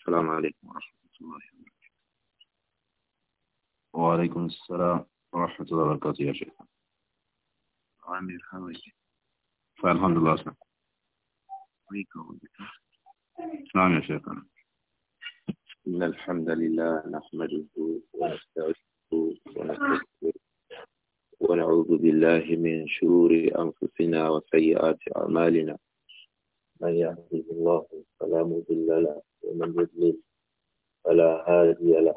السلام عليكم ورحمة الله وبركاته وعليكم السلام ورحمة الله وبركاته يا شيخ عامر حوالي فالحمد لله سلام نعم يا شيخ إن الحمد لله نحمده ونستعينه ونستغفره ونعوذ بالله من شرور أنفسنا وسيئات أعمالنا من يهديه الله فلا مضل له ومن يضلل فلا هادي له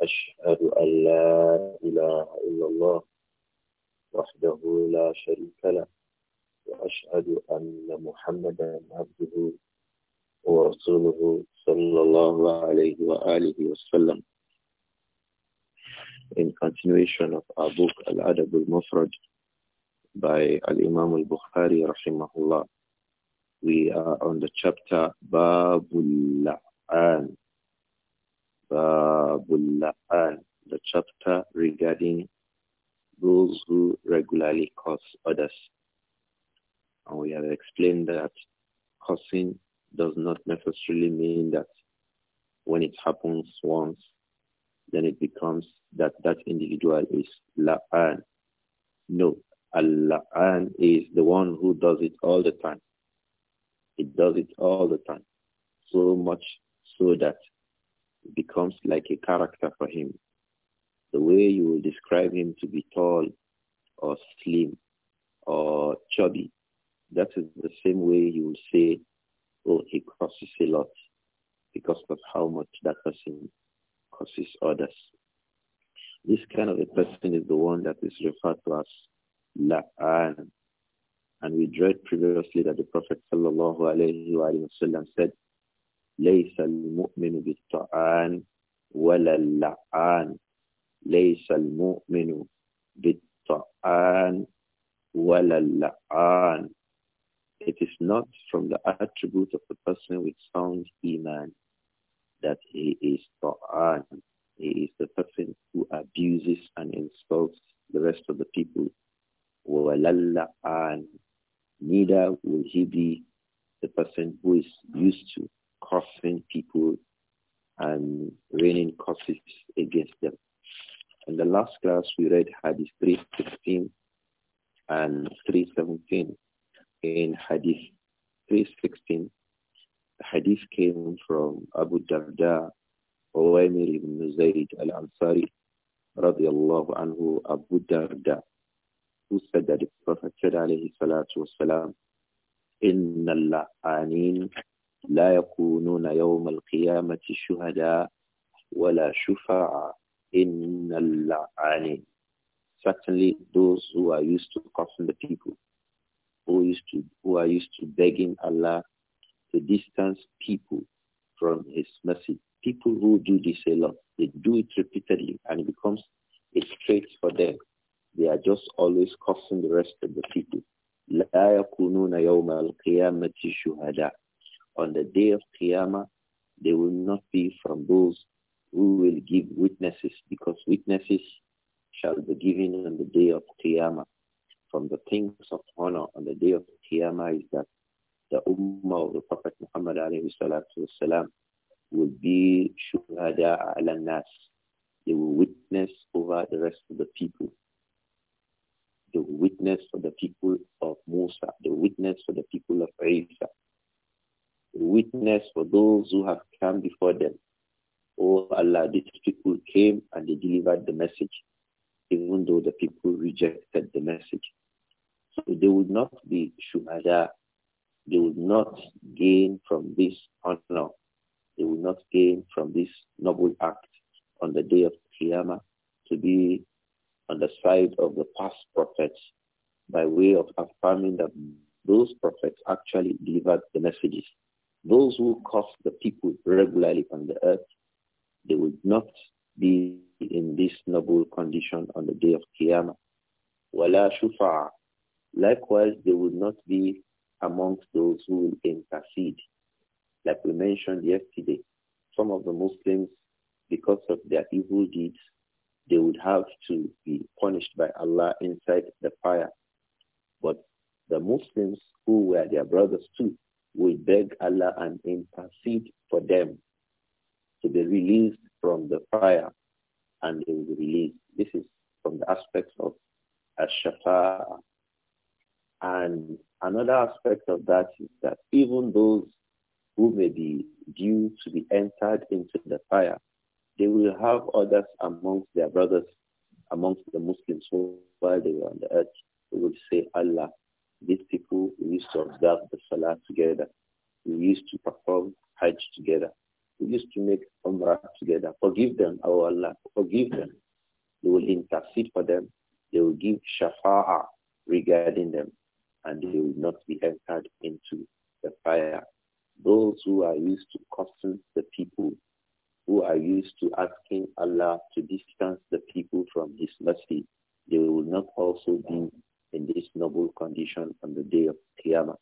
أشهد أن لا إله إلا الله وحده لا شريك له وأشهد أن محمدا عبده ورسوله صلى الله عليه وآله وسلم In continuation of our book Al-Adab al-Mufrad by Al-Imam al-Bukhari rahimahullah We are on the chapter Babul La'an. Babul La'an, the chapter regarding those who regularly curse others. And we have explained that cursing does not necessarily mean that when it happens once, then it becomes that that individual is la'an. No, al-la'an is the one who does it all the time. It does it all the time. So much so that it becomes like a character for him. The way you will describe him to be tall or slim or chubby, that is the same way you will say, oh, he crosses a lot because of how much that person causes others. This kind of a person is the one that is referred to as La'an and we read previously that the Prophet sallallahu alayhi wa sallam said, لَيْسَ الْمُؤْمِنُ بِالطَّعَانِ وَلَا اللَّعَانِ لَيْسَ الْمُؤْمِنُ بِالطَّعَانِ وَلَا اللَّعَانِ It is not from the attribute of the person with sound iman that he is ta'an. He is the person who abuses and insults the rest of the people. وَلَا اللَّعَانِ neither will he be the person who is used to cursing people and raining curses against them. In the last class, we read Hadith 316 and 317. In Hadith 316, the Hadith came from Abu Darda, Uwaymir ibn Zayd al-Ansari, radiallahu anhu, Abu Darda, who said that the Prophet said alayhi salatu wasalam, إن اللعانين لا يكونون يوم القيامة شهداء ولا شفعاء إن اللعانين Certainly those who are used to cursing the people, who, used to, who are used to begging Allah to distance people from his mercy. People who do this a lot, they do it repeatedly and it becomes rest of the people. لا يكونون يوم القيامة On the day of Qiyamah, they will not be from those who will give witnesses because witnesses shall be given on the day of Qiyamah. those who have come before them. Oh Allah, the people came and they delivered the message. Like we mentioned yesterday, some of the Muslims, because of their evil deeds, they would have to be punished by Allah inside the fire. But the Muslims who were their brothers too, will beg Allah and intercede for them to be released from the fire and they will be released. This is from the aspects of ash And another aspect of that is that even those who may be due to be entered into the fire, they will have others amongst their brothers, amongst the Muslims who, while they were on the earth, would say, Allah, these people used to observe the Salah together. We used to perform Hajj together. We used to make Umrah together. Forgive them, O Allah. Forgive them. They will intercede for them. They will give shafa'ah regarding them. And they will not be entered into the fire those who are used to cursing the people, who are used to asking Allah to distance the people from his mercy, they will not also be in this noble condition on the day of Qiyamah.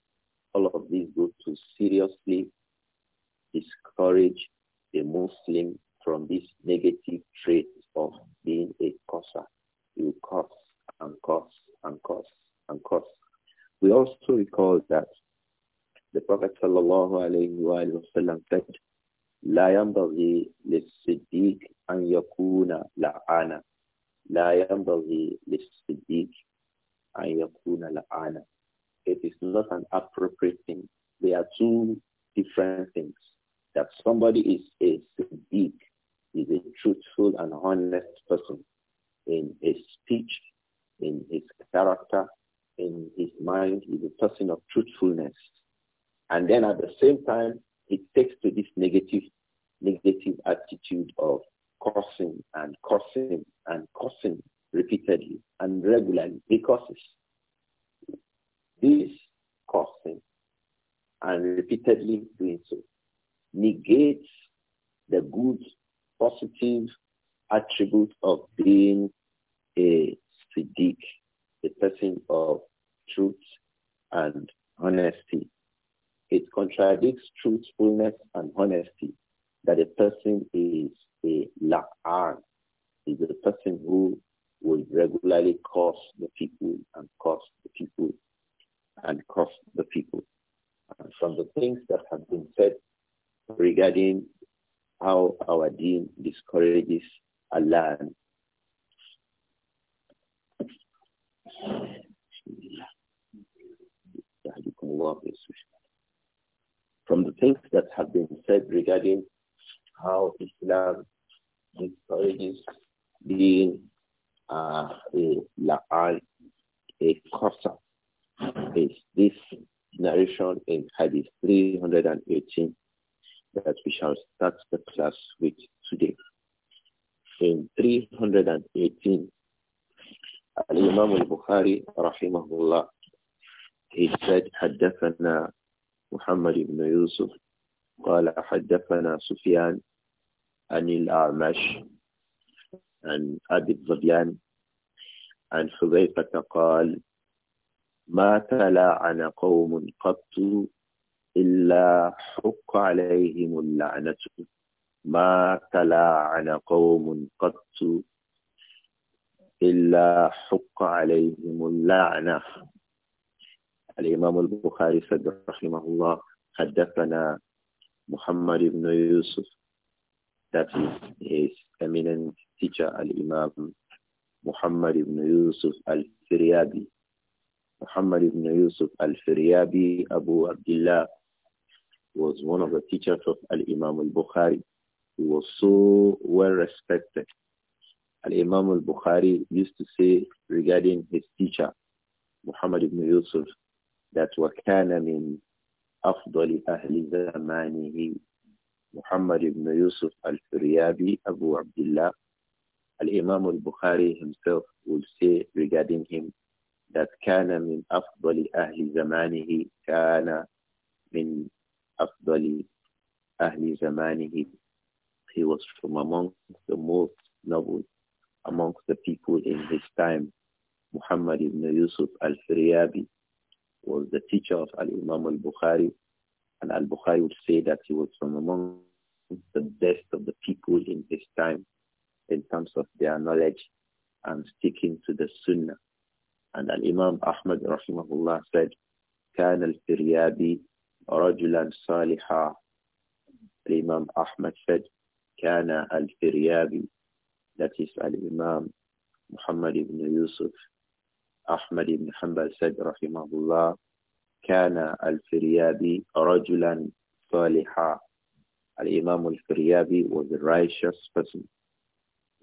All of these go to seriously discourage the Muslim from this negative trait of being a causer. You curse and curse and curse and curse. We also recall that the Prophet sallallahu alayhi wa sallam said, لا ينبغي للصديق أن يكون لعانا لا ينبغي للصديق أن يكون لعانا It is not an appropriate thing. They are two different things. That somebody is a siddiq, is a truthful and honest person in his speech, in his character, in his mind, is a person of truthfulness. And then at the same time, it takes to this negative, negative attitude of cursing and cursing and cursing repeatedly and regularly. because This cursing and repeatedly doing so negates the good, positive attribute of being a Siddiq, a person of truth and honesty it contradicts truthfulness and honesty that a person is a la'an, is a person who will regularly curse the people and curse the people and curse the people. And from the things that have been said regarding how our deen discourages a يهديكم الله from the things that have been said regarding how Islam encourages being uh, a la'al, a kosa, is this narration in Hadith 318 that we shall start the class with today. In 318, Al-Imam al-Bukhari, rahimahullah, he said, حدثنا محمد بن يوسف قال حدثنا سفيان عن الأعمش عن أبي الظبيان عن حذيفة قال ما تلاعن قوم قط إلا حق عليهم اللعنة ما تلاعن قوم قط إلا حق عليهم اللعنة الإمام البخاري said رحمه الله حدثنا محمد بن يوسف that is his eminent teacher الإمام محمد بن يوسف الفريابي محمد بن يوسف الفريابي أبو عبد الله was one of the teachers of Al-Imam al-Bukhari who was so well respected Al-Imam al-Bukhari used to say regarding his teacher Muhammad ibn Yusuf that وكان من أفضل أهل زمانه محمد بن يوسف الفريابي أبو عبد الله الإمام البخاري himself will say regarding him that كان من أفضل أهل زمانه كان من أفضل أهل زمانه he was from among the most noble amongst the people in his time Muhammad ibn Yusuf al-Firyabi was the teacher of Al-Imam al-Bukhari. And al-Bukhari would say that he was from among the best of the people in his time in terms of their knowledge and sticking to the sunnah. And al-Imam Ahmad rahimahullah said, كان الفريابي رجلا صالحا. Imam Ahmad said, كان الفريابي. That is al-Imam Muhammad ibn Yusuf أحمد بن حنبل سيد رحمه الله كان الفريابي رجلا صالحا الإمام الفريابي was a righteous person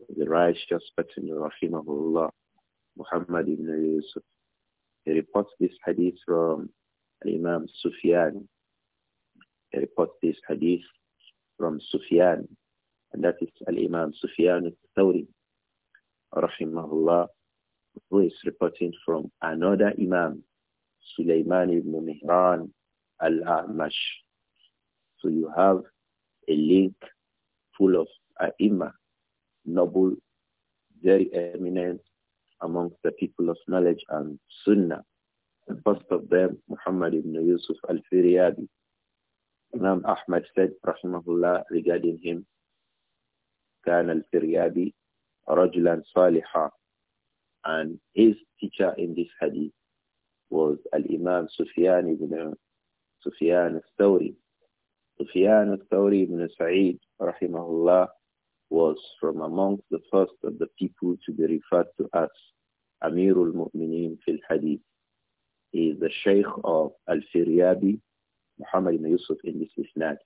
was a righteous person رحمه الله محمد بن يوسف he reports this hadith from الإمام سفيان he reports this hadith from سفيان and that is الإمام سفيان الثوري رحمه الله who is reporting from another Imam, Sulaiman ibn Mihran al-Amash. So you have a link full of ai noble, very eminent amongst the people of knowledge and Sunnah. The first of them, Muhammad ibn Yusuf al-Firyabi. Imam Ahmad said, rahimahullah, regarding him, كان الفريابي رجلا صالحا and his teacher in this hadith was Al-Imam Sufyan ibn Sufyan al-Thawri. Sufyan al-Thawri ibn Sa'id, rahimahullah, was from amongst the first of the people to be referred to as Amirul Mu'mineen fil Hadith. He is the Shaykh of Al-Firyabi, Muhammad ibn Yusuf in this isnad.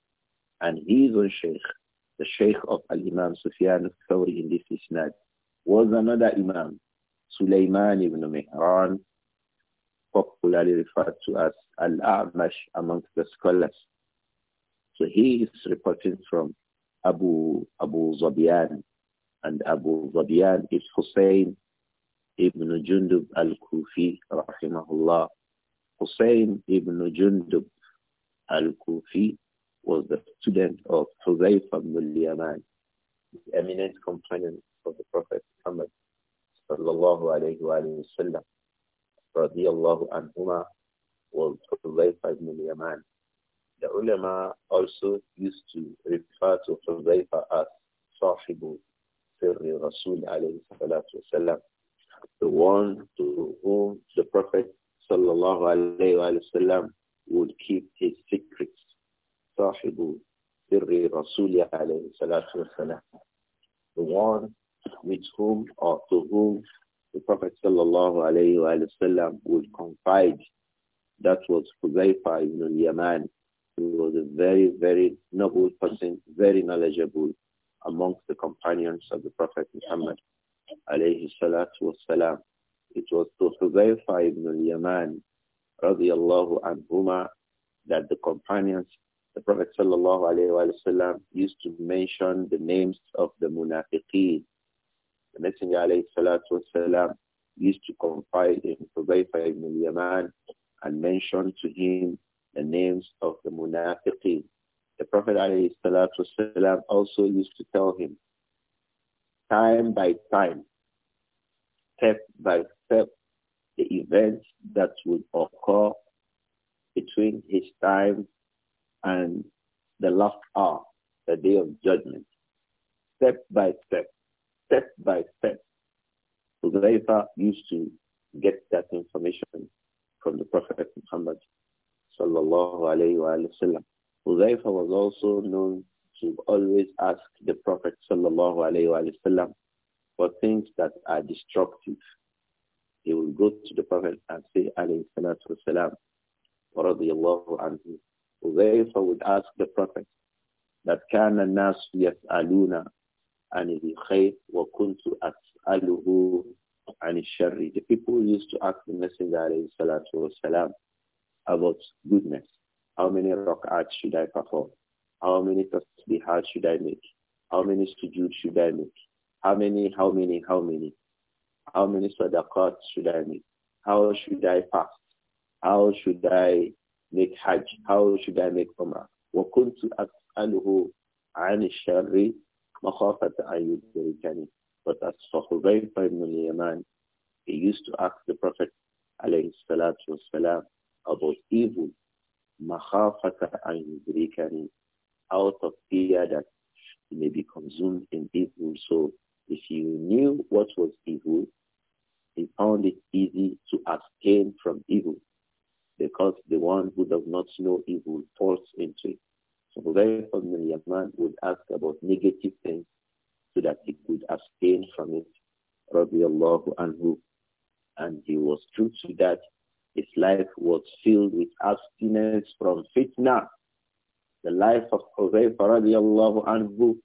And his own Shaykh, the Shaykh of Al-Imam Sufyan al-Thawri in this isnad, was another Imam Sulaiman ibn Mihran, popularly referred to as Al-A'mash amongst the scholars. So he is reporting from Abu Abu Zabian, and Abu Zabian is Hussein ibn Jundub al-Kufi, rahimahullah. Hussein ibn Jundub al-Kufi was the student of Huzayf ibn al-Yaman, the eminent companion of the Prophet Muhammad sallallahu alayhi wa sallam radiallahu anhuma was Hudhaifa Yaman. The ulama also used to refer to Hudhaifa as Sahibu Sirri Rasul alayhi salatu wasalam, the one to whom the Prophet sallallahu alayhi wa sallam would keep his secrets. Sahibu Sirri Rasul alayhi salatu wasalam, the one with whom or to whom the Prophet sallallahu alayhi wa sallam would confide. That was Huzaifa ibn al-Yaman. He was a very, very noble person, very knowledgeable amongst the companions of the Prophet Muhammad alayhi salatu wasalam. It was to Huzaifa ibn al-Yaman radiallahu anhuma that the companions, the Prophet sallallahu alayhi wa sallam used to mention the names of the munafiqeen the Messenger alayhi salatu wasalam used to confide in Hudayfa ibn Yaman and mention to him the names of the munafiqin. The Prophet alayhi salatu wasalam also used to tell him time by time, step by step, the events that would occur between his time and the last hour, the day of judgment. Step by step, step by step. Hudayfa used to get that information from the Prophet Muhammad sallallahu alayhi wa sallam. Hudayfa was also known to always ask the Prophet sallallahu alayhi wa sallam for things that are destructive. He would go to the Prophet and say alayhi salatu wasalam radiyallahu anhu. Hudayfa would ask the Prophet that كان الناس يسألون عن الخير وكنت أسأله عن الشر. The people used to ask the Messenger عليه الصلاة والسلام about goodness. How many rak'at should I perform? How many tasbihat should I make? How many sujood should I make? How many, how many, how many? How many sadaqat should I make? How should I fast? How should I make hajj? How should I make umrah? وَكُنْتُ أَسْأَلُهُ عَنِ الشَّرِّ مخافة أن يدركني. But as for Hudayfa ibn al-Yaman, he used to ask the Prophet alayhi salatu wasalam about evil. مخافة أن يدركني. Out of fear that he may be consumed in evil. So if you knew what was evil, he found it easy to abstain from evil because the one who does not know evil falls into it. So Hudayf ibn man would ask about negative things so that he could abstain from it, radiallahu anhu. And he was true to that. His life was filled with abstinence from fitna. The life of Hudayfa radiallahu anhu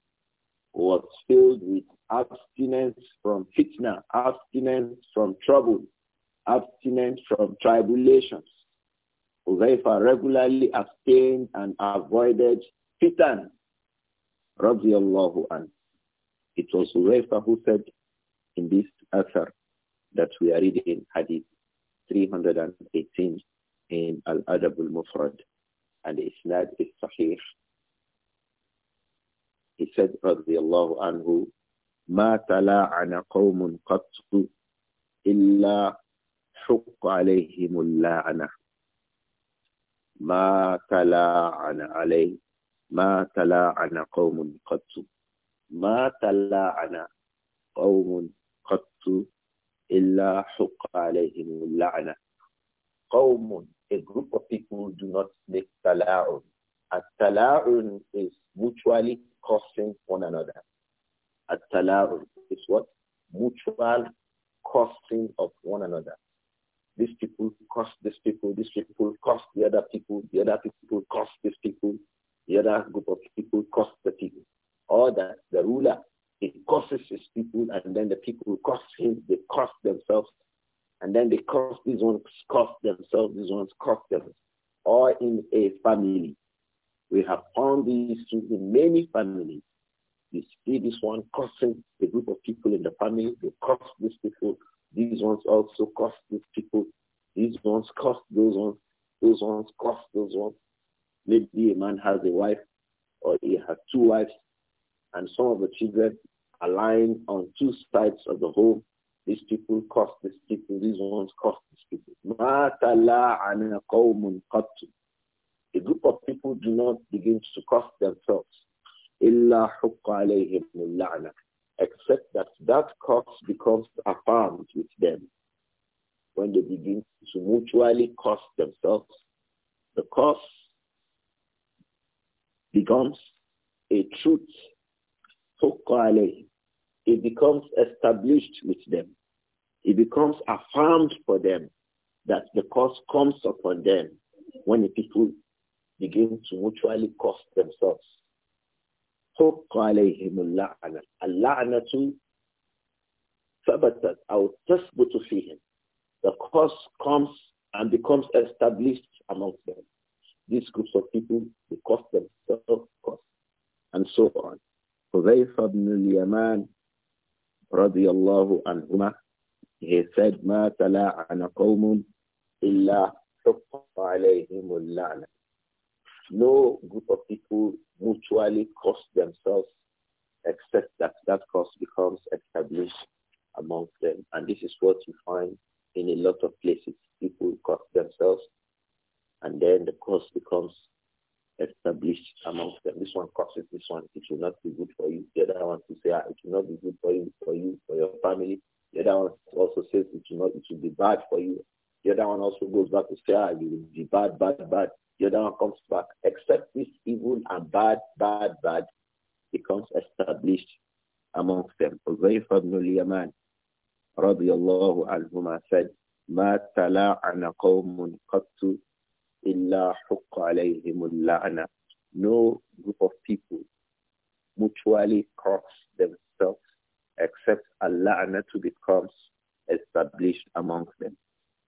was filled with abstinence from fitna, abstinence from trouble, abstinence from tribulations. Uzaifa regularly abstained and avoided fitan. Radiallahu an. It was Uzaifa who said in this asar that we are reading Hadith 318 in Al-Adab al-Mufrad and Isnad al-Sahih. He said, radiallahu anhu, ما تلاعن قوم قط إلا حق عليهم اللعنة ما تلاعن عليه ما تلاعن قوم قط ما تلاعن قوم قط إلا حق عليهم اللعنة قوم a group of people do not make tala'un. at is mutually costing one another. at is what? Mutual costing of one another. These people cost these people, these people cost the other people, the other people cost these people, the other group of people cost the people. Or that the ruler, he curses his people and then the people cost him, they cost themselves. And then they cost these ones cost themselves, these ones cost themselves. Or in a family. We have found these in many families. You see this one cursing the group of people in the family, they curse these people, these ones also cost these people. These ones cost those ones. Those ones cost those ones. Maybe a man has a wife or he has two wives and some of the children are lying on two sides of the home. These people cost these people. These ones cost these people. A group of people do not begin to cost themselves except that that cost becomes affirmed with them when they begin to mutually cost themselves. The cost becomes a truth. It becomes established with them. It becomes affirmed for them that the cost comes upon them when the people begin to mutually cost themselves. حق عليهم اللعنة اللعنة ثبتت أو تثبت فيهم the cause comes and becomes established amongst them these groups of people who cost themselves cost and so on حذيفة بن اليمان رضي الله عنهما he said ما تلاعن قوم إلا حق عليهم اللعنة no group of people mutually cost themselves except that that cost becomes established amongst them. And this is what you find in a lot of places. People cost themselves and then the cost becomes established amongst them. This one costs this one. It will not be good for you. The other one to say, ah, it will not be good for you, for you, for your family. The other one also says it will not, it will be bad for you. The other one also goes back to say, ah, you will be bad, bad, bad the comes back. Except this evil and bad, bad, bad becomes established amongst them. Uzayf ibn al-Yaman radiyallahu anhuma said, ما تلاعن قوم قط إلا حق عليهم اللعنة. No group of people mutually cross themselves except Allah to becomes established amongst them.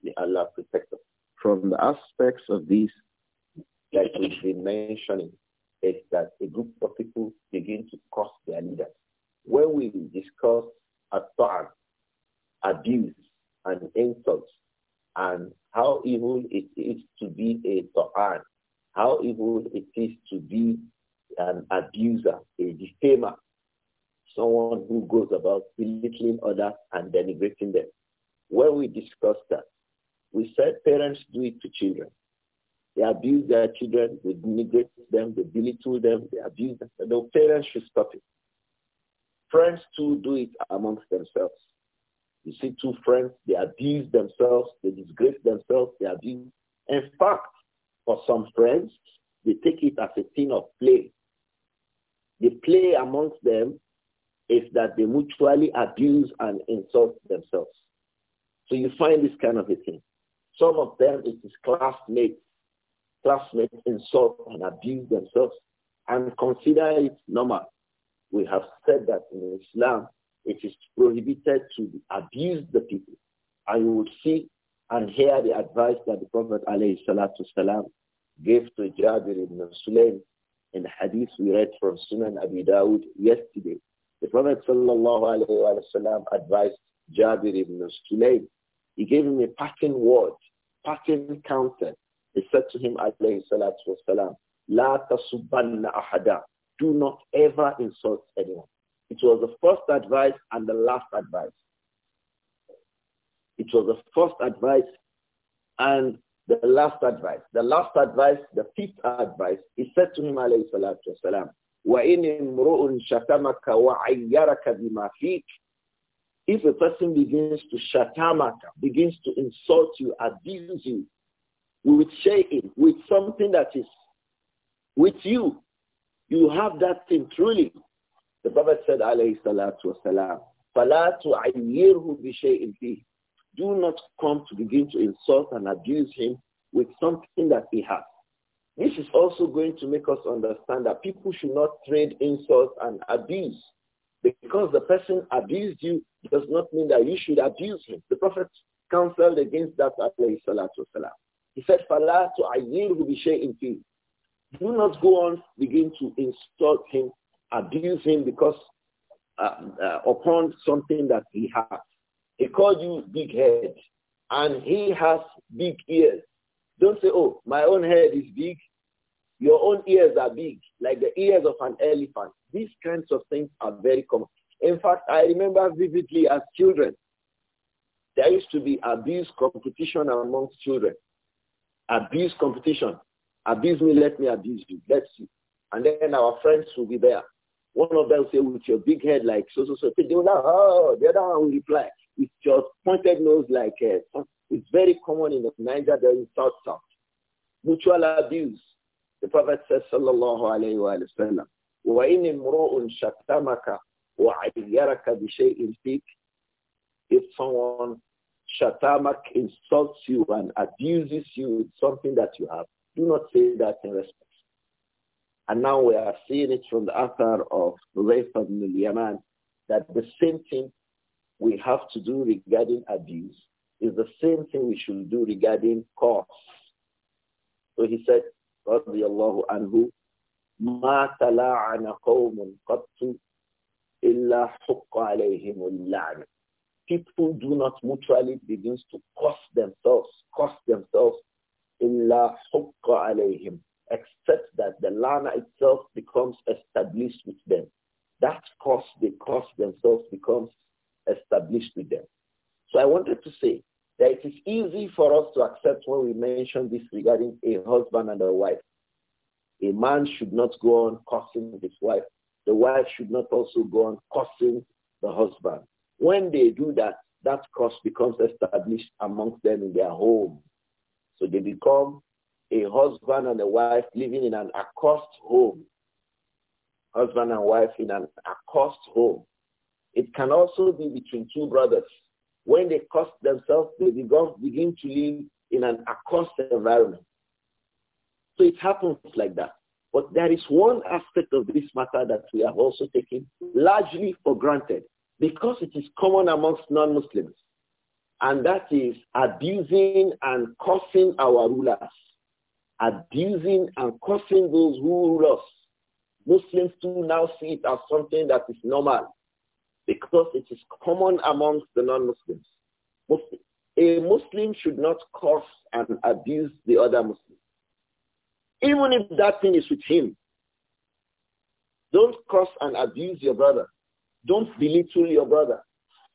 May Allah protect us. From the aspects of this like we've been mentioning, is that a group of people begin to cross their leaders. When we discuss attack, abuse, and insults, and how evil it is to be a ta'an, how evil it is to be an abuser, a defamer, someone who goes about belittling others and denigrating them. When we discussed that, we said parents do it to children. They abuse their children, they denigrate them, they belittle them, they abuse them. And the parents should stop it. Friends too do it amongst themselves. You see two friends, they abuse themselves, they disgrace themselves, they abuse. In fact, for some friends, they take it as a thing of play. The play amongst them is that they mutually abuse and insult themselves. So you find this kind of a thing. Some of them, it is classmates classmates insult and abuse themselves and consider it normal. We have said that in Islam, it is prohibited to abuse the people. And you would see and hear the advice that the Prophet والسلام, gave to Jabir ibn Sulaim in the hadith we read from Sunan Abi Dawud yesterday. The Prophet وسلم, advised Jabir ibn Sulaim. He gave him a parting word, parting counsel he said to him, alayhi salatu wasalam, La tasubanna ahada. Do not ever insult anyone. It was the first advice and the last advice. It was the first advice and the last advice. The last advice, the fifth advice, he said to him, alayhi salatu wasalam, وَإِنِ امْرُؤٌ شَتَمَكَ وَعَيَّرَكَ بِمَا فِيكَ If a person begins to shatamaka, begins to insult you, abuse you, we would share it with something that is with you. You have that thing truly. The Prophet said, alayhi salatu wasalam, فَلَا تُعَيِّرْهُ بِشَيْءٍ فِيهِ Do not come to begin to insult and abuse him with something that he has. This is also going to make us understand that people should not trade insults and abuse. Because the person abused you does not mean that you should abuse him. The Prophet counseled against that, alayhi salatu wasalam. He said, فَلَا تُعَيِّرْهُ بِشَيْءٍ فِيهِ Do not go on, begin to insult him, abuse him because uh, uh, upon something that he has. He called you big head and he has big ears. Don't say, oh, my own head is big. Your own ears are big, like the ears of an elephant. These kinds of things are very common. In fact, I remember vividly as children, there used to be abuse competition amongst children. Abuse competition. Abuse me, let me abuse you. Let's see. And then our friends will be there. One of them say, with your big head like so, so, so. They will like, oh, the other one will reply, with your pointed nose like uh, It's very common in the Niger, there in South South. Mutual abuse. The Prophet says, sallallahu alayhi wa sallam, وَإِنِ امْرُؤٌ شَتَّمَكَ وَعَيَّرَكَ بِشَيْءٍ فِيكَ If someone Shatamak insults you and abuses you with something that you have. Do not say that in response. And now we are seeing it from the author of Hudayf Yaman that the same thing we have to do regarding abuse is the same thing we should do regarding cause. So he said, radiyallahu anhu, Ma تلاعن قوم قط إلا حق عليهم people do not mutually begin to curse themselves, cost themselves, illa hukka alayhim, except that the lana itself becomes established with them. That cost they curse themselves becomes established with them. So I wanted to say that it is easy for us to accept when we mention this regarding a husband and a wife. A man should not go on cursing his wife. The wife should not also go on cursing the husband. When they do that, that cross becomes established amongst them in their home. So they become a husband and a wife living in an accost home. Husband and wife in an accost home. It can also be between two brothers. When they accost themselves, they begin to live in an accost environment. So it happens like that. But there is one aspect of this matter that we have also taken largely for granted because it is common amongst non-Muslims. And that is abusing and cursing our rulers. Abusing and cursing those who rule us. Muslims too now see it as something that is normal because it is common amongst the non-Muslims. A Muslim should not curse and abuse the other Muslim. Even if that thing is with him, don't curse and abuse your brother. Don't belittle your brother.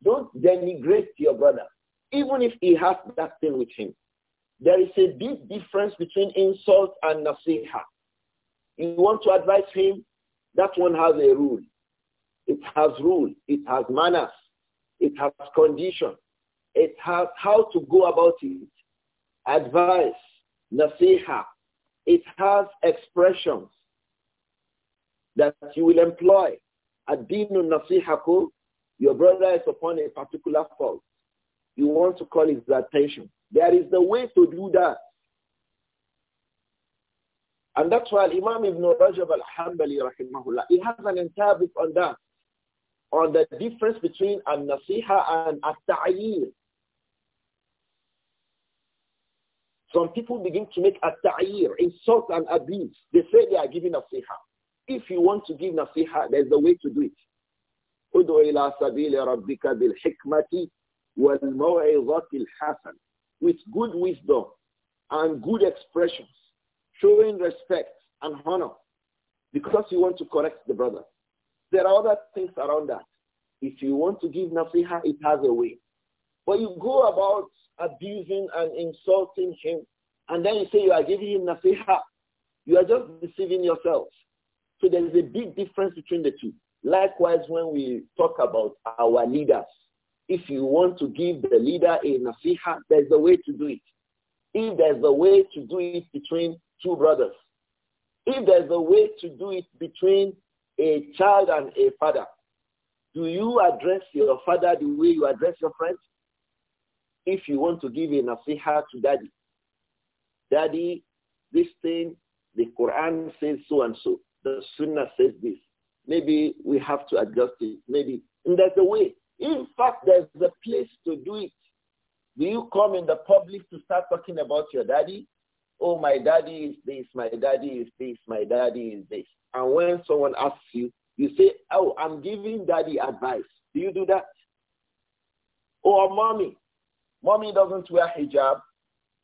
Don't denigrate your brother, even if he has that thing with him. There is a big difference between insult and nasiha. You want to advise him, that one has a rule. It has rule. It has manners. It has condition. It has how to go about it. Advice, nasiha. It has expressions that you will employ Adinu nasihaku, your brother is upon a particular fault. You want to call his attention. There is the way to do that. And that's why Imam Ibn Rajab al-Hambali rahimahullah, he has an entire book on that, on the difference between a nasiha and a tayir Some people begin to make al-ta'yir, insult and abuse. They say they are giving nasiha. If you want to give nasiha, there's a way to do it. إلى سبيل ربك بالحكمة والموعظة with good wisdom and good expressions, showing respect and honor because you want to correct the brother. There are other things around that. If you want to give nasiha, it has a way. But you go about abusing and insulting him, and then you say you are giving him nasiha. You are just deceiving yourselves. So there is a big difference between the two. Likewise, when we talk about our leaders, if you want to give the leader a nasiha, there's a way to do it. If there's a way to do it between two brothers, if there's a way to do it between a child and a father, do you address your father the way you address your friends? If you want to give a nasiha to daddy, daddy, this thing, the Quran says so and so the sunnah says this. Maybe we have to adjust it. Maybe. And there's a way. In fact, there's a place to do it. Do you come in the public to start talking about your daddy? Oh, my daddy is this, my daddy is this, my daddy is this. And when someone asks you, you say, oh, I'm giving daddy advice. Do you do that? Or oh, mommy. Mommy doesn't wear hijab.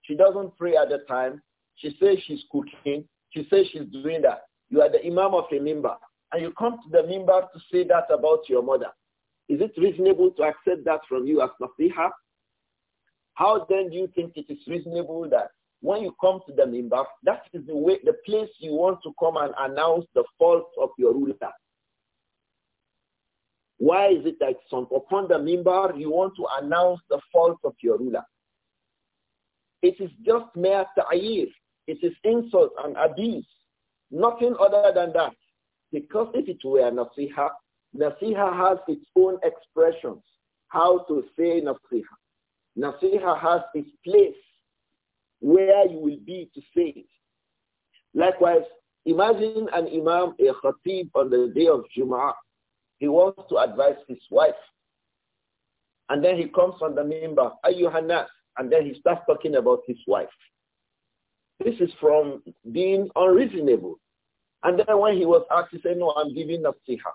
She doesn't pray at the time. She says she's cooking. She says she's doing that. You are the imam of a member. And you come to the member to say that about your mother. Is it reasonable to accept that from you as nasiha? How then do you think it is reasonable that when you come to the member, that is the way, the place you want to come and announce the faults of your ruler? Why is it that some, upon the member you want to announce the faults of your ruler? It is just mere ta'ir. It is insult and abuse. Nothing other than that. Because if it were nasiha, nasiha has its own expressions. How to say nasiha. Nasiha has its place where you will be to say it. Likewise, imagine an imam, a khatib on the day of Jum'ah. He wants to advise his wife. And then he comes on the member, Ayyuhannas, and then he starts talking about his wife. This is from being unreasonable. And then when he was asked, he said, no, I'm giving nasiha.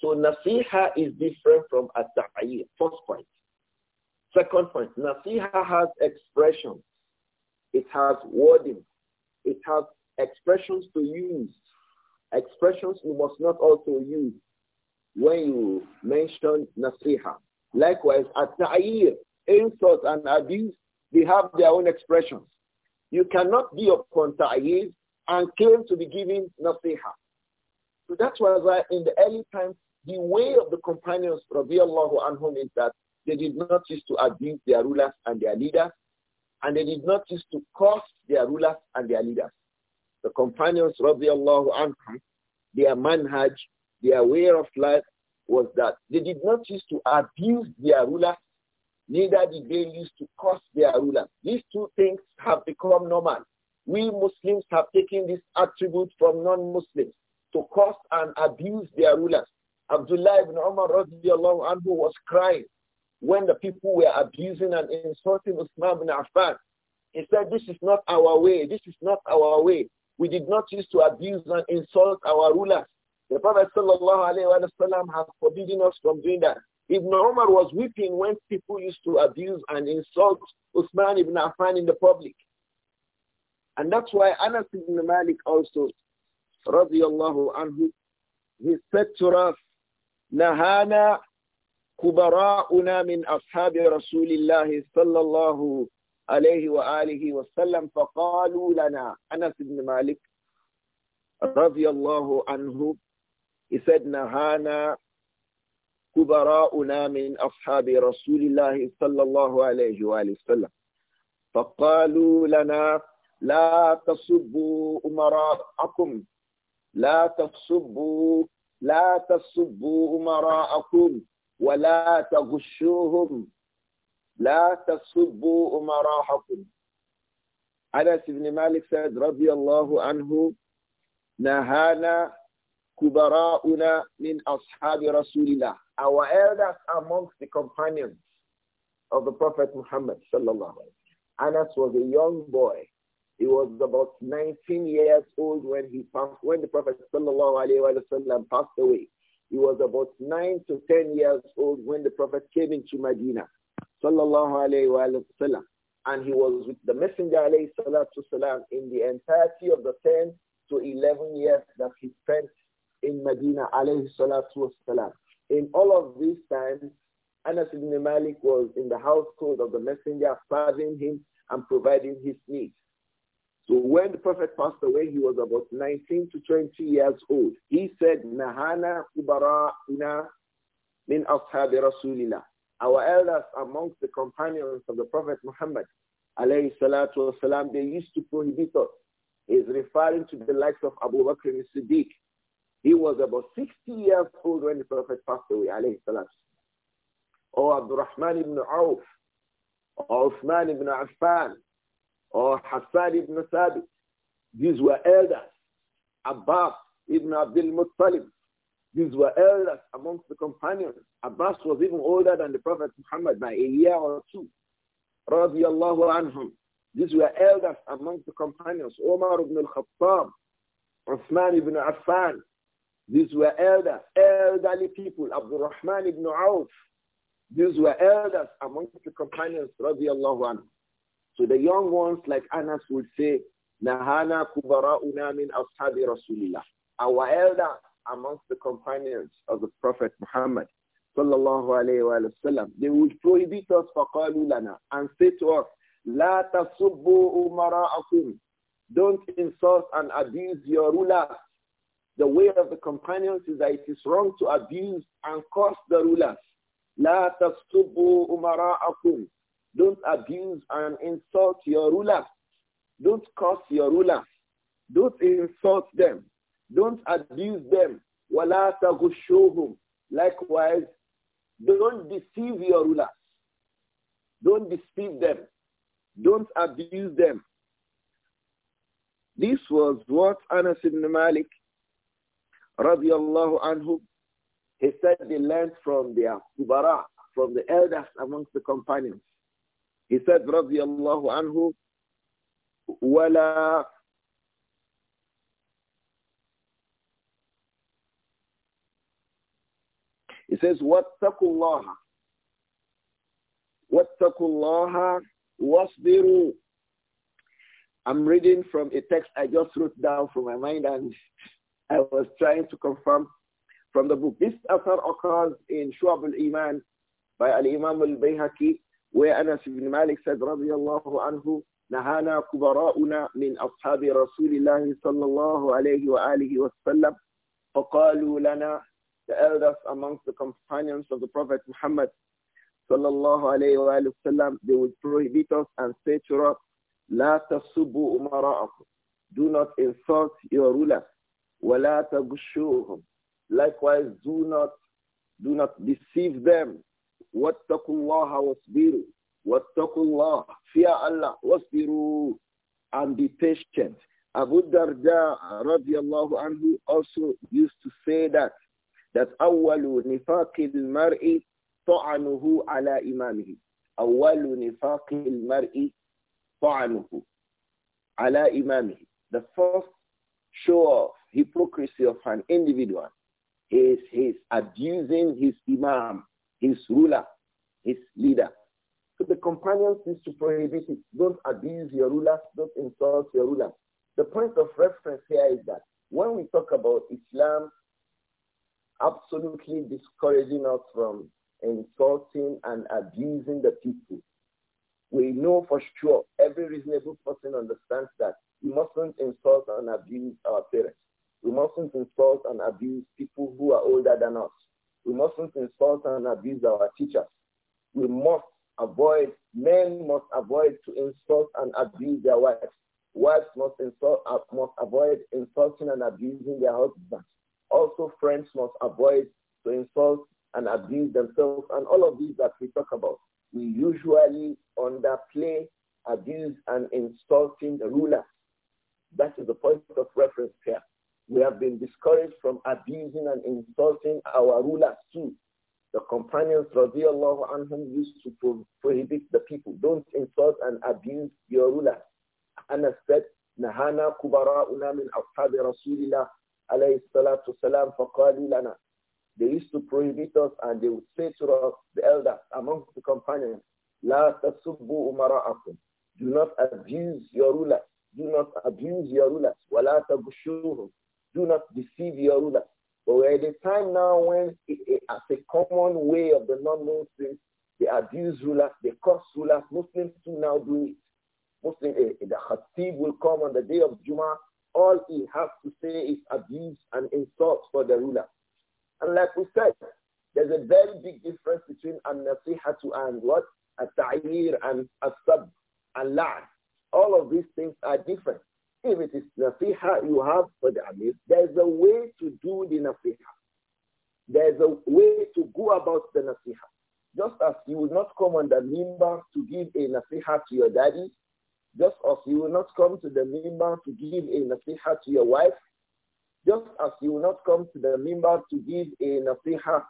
So nasiha is different from at first point. Second point, nasiha has expressions. It has wording. It has expressions to use. Expressions you must not also use when you mention nasiha. Likewise, at-ta'yir, insult and abuse, they have their own expressions. You cannot be a ta'yeez and claim to be giving nasiha. So that was why in the early times, the way of the companions, radiallahu anhum, is that they did not used to abuse their rulers and their leaders, and they did not used to curse their rulers and their leaders. The companions, radiallahu anhum, their manhaj, their way of life was that they did not used to abuse their rulers Neither did they used to curse their rulers. These two things have become normal. We Muslims have taken this attribute from non-Muslims to curse and abuse their rulers. Abdullah ibn Umar radiallahu anhu was crying when the people were abusing and insulting Usman ibn Affan. He said, this is not our way. This is not our way. We did not use to abuse and insult our rulers. The Prophet sallallahu has forbidden us from doing that. Ibn Umar was weeping when people used to abuse and insult Usman ibn Affan in the public. And that's why Anas ibn Malik also, radiallahu anhu, he said to us, نهانا كبراؤنا من أصحاب رسول الله صلى الله عليه وآله وسلم فقالوا لنا Anas Ibn Malik, رضي الله عنه he said نهانا كبراؤنا من أصحاب رسول الله صلى الله عليه وآله وسلم فقالوا لنا لا تصبوا أمراءكم لا تصبوا لا تصبوا أمراءكم ولا تغشوهم لا تصبوا أمراءكم مالك سعد رضي said, عنه نهانا كبراؤنا من أصحاب رسول الله our elders amongst the companions of the Prophet Muhammad sallallahu Anas was a young boy. He was about 19 years old when he passed, when the Prophet sallallahu alaihi wasallam passed away. He was about 9 to 10 years old when the Prophet came into Medina sallallahu alaihi wasallam. And he was with the Messenger alayhi salam in the entirety of the 10 to 11 years that he spent in Medina alayhi salatu wasalam. In all of these times, Anas ibn Malik was in the household of the messenger, serving him and providing his needs. So when the Prophet passed away, he was about 19 to 20 years old. He said, Nahana kubara'una min ashabi rasulillah. Our elders amongst the companions of the Prophet Muhammad, alayhi salatu wasalam, they used to prohibit us. He's referring to the likes of Abu Bakr and Siddiq, he was about 60 years old when the Prophet passed away, alayhi salam. Or Abdurrahman ibn Auf, or Uthman ibn Affan, or Hassan ibn Thabit. These were elders. Abbas ibn Abdul Muttalib. These were elders amongst the companions. Abbas was even older than the Prophet Muhammad by a year or two. Radiallahu anhum. These were elders amongst the companions. Omar ibn al-Khattab, Uthman ibn Affan, these were elders, elderly people, Abdul Rahman ibn Auf. These were elders among the companions, radiallahu anhu. So the young ones like Anas would say, Nahana kubara'una min ashabi rasulillah. Our elders amongst the companions of the Prophet Muhammad, sallallahu alayhi wa sallam, they would prohibit us faqalu lana and say to us, La tasubbu umara'akum. Don't insult and abuse your rulers. The way of the companions is that it is wrong to abuse and curse the rulers. لا تسبوا أمراءكم. Don't abuse and insult your rulers. Don't curse your rulers. Don't insult them. Don't abuse them. ولا تغشوهم. Likewise, don't deceive your rulers. Don't deceive them. Don't abuse them. This was what Anas ibn Malik radiallahu anhu, he said they learned from their kubara, from the elders amongst the companions. He said radiallahu anhu, وَلَا He says, وَاتَّقُوا اللَّهَ وَاتَّقُوا اللَّهَ وَاصْبِرُوا I'm reading from a text I just wrote down from my mind and I was trying to confirm from the book. This affair occurs in Shu'ab al-Iman by al-Imam al-Bayhaqi where Anas ibn Malik said رضي الله عنه نهانا كبراؤنا من أصحاب رسول الله صلى الله عليه وآله وسلم فقالوا لنا the elders amongst the companions of the Prophet Muhammad sallallahu alayhi wa, alayhi sallam, they would prohibit us and say to us, La tasubu umara'akum. Do not insult your rulers. Likewise, do not, do not deceive them. وَاتَّقُوا اللَّهَ وَاصْبِرُوا وَاتَّقُوا اللَّهَ Fear Allah, وَاصْبِرُوا And be patient. Abu Darda رضي الله عنه also used to say that, that أَوَّلُ نِفَاقِ الْمَرْءِ طَعَنُهُ عَلَى إِمَامِهِ أَوَّلُ نِفَاقِ الْمَرْءِ طَعَنُهُ عَلَى إِمَامِهِ The first show off hypocrisy of an individual is his abusing his imam, his ruler, his leader. So the companions used to prohibit it. Don't abuse your ruler. Don't insult your ruler. The point of reference here is that when we talk about Islam absolutely discouraging us from insulting and abusing the people, we know for sure every reasonable person understands that we mustn't insult and abuse our parents. We mustn't insult and abuse people who are older than us. We mustn't insult and abuse our teachers. We must avoid, men must avoid to insult and abuse their wives. Wives must, insult, uh, must avoid insulting and abusing their husbands. Also, friends must avoid to insult and abuse themselves and all of these that we talk about. We usually underplay, abuse, and insulting the ruler. That is the point of reference here. We have been discouraged from abusing and insulting our rulers too. The companions, radiallahu anhum, used to pro prohibit the people. Don't insult and abuse your rulers. Anas said, "Nahana Kubara Unamin أصحاب رسول الله عليه الصلاة والسلام They used to prohibit us and they would say to us, the elders amongst the companions, لا تسبوا Akhun. Do not abuse your rulers. Do not abuse your rulers. ولا do not deceive your rulers. But we're at a time now when, it, it, as a common way of the non-Muslims, they abuse rulers, they curse rulers. Muslims too now do it. Muslim, uh, eh, eh, the khatib will come on the day of Juma. All he has to say is abuse and insult for the ruler. And like we said, there's a very big difference between an-nasihatu and what? a tair and a sub and la All of these things are different. If it is nafiha you have for the amir, there's a way to do the nafiha. There's a way to go about the nafiha. Just as you will not come on the mimbar to give a nafiha to your daddy, just as you will not come to the mimbar to give a nafiha to your wife, just as you will not come to the mimbar to give a nafiha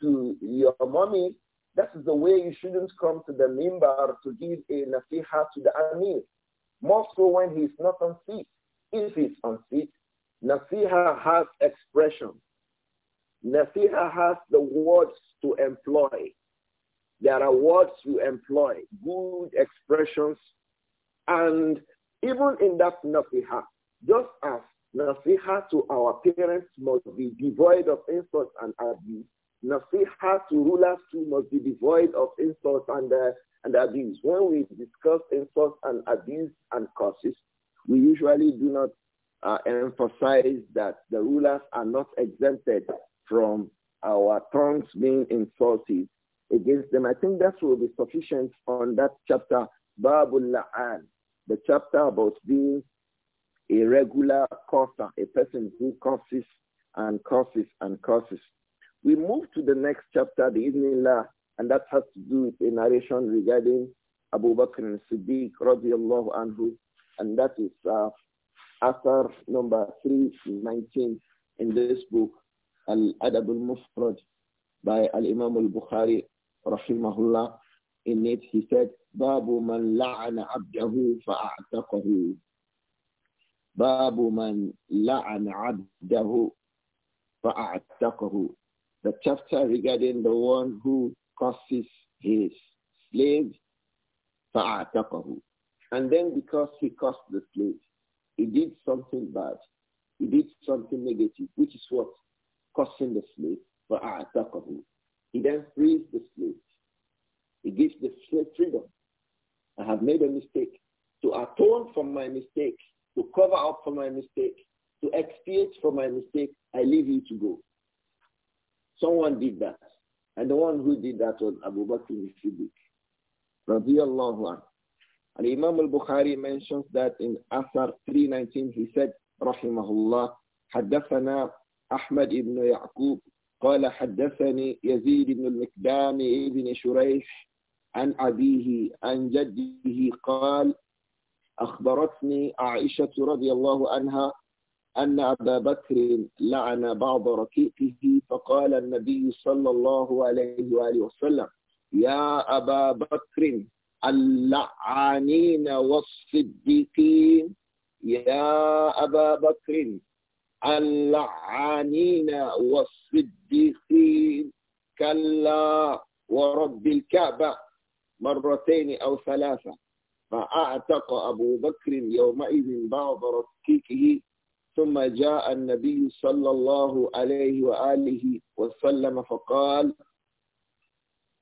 to your mommy, that is the way you shouldn't come to the mimbar to give a nafiha to the amir. More so when he is not on seat. If he's on seat, Nasiha has expression. Nasiha has the words to employ. There are words you employ, good expressions. And even in that Nasiha, just as Nasiha to our parents must be devoid of insults and abuse, nasiha to rulers too must be devoid of insults and, uh, and abuse. When we discuss insults and abuse and curses, we usually do not uh, emphasize that the rulers are not exempted from our tongues being insulted against them. I think that will be sufficient on that chapter, Babul La'an, the chapter about being a regular causer, a person who curses and curses and curses. We move to the next chapter, the Iznillah, and that has to do with a narration regarding Abu Bakr and Siddiq radiallahu anhu, and that is uh, Athar number 319 in this book, Al-Adab al-Mufrad by Al-Imam al-Bukhari rahimahullah. In it he said, Babu man la'ana abdahu fa'a'taqahu. Babu man la'ana abdahu fa'a'taqahu the chapter regarding the one who causes his slave him, And then because he cursed the slave, he did something bad. He did something negative, which is what? causing the slave him. He then frees the slave. He gives the slave freedom. I have made a mistake. To atone for my mistake, to cover up for my mistake, to expiate for my mistake, I leave you to go. Someone did that. And the one who did that was Abu Bakr al-Siddiq. Radiallahu anhu. And Imam al-Bukhari mentions that in Asar 319, he said, رحمه الله, حدثنا أحمد بن يعقوب قال حدثني يزيد بن المكدام بن شريح عن أبيه عن جده قال أخبرتني عائشة رضي الله عنها أن أبا بكر لعن بعض ركيقه فقال النبي صلى الله عليه وآله وسلم يا أبا بكر اللعانين والصديقين يا أبا بكر اللعانين والصديقين كلا ورب الكعبة مرتين أو ثلاثة فأعتق أبو بكر يومئذ بعض ركيكه ثم جاء النبي صلى الله عليه وآله وسلم فقال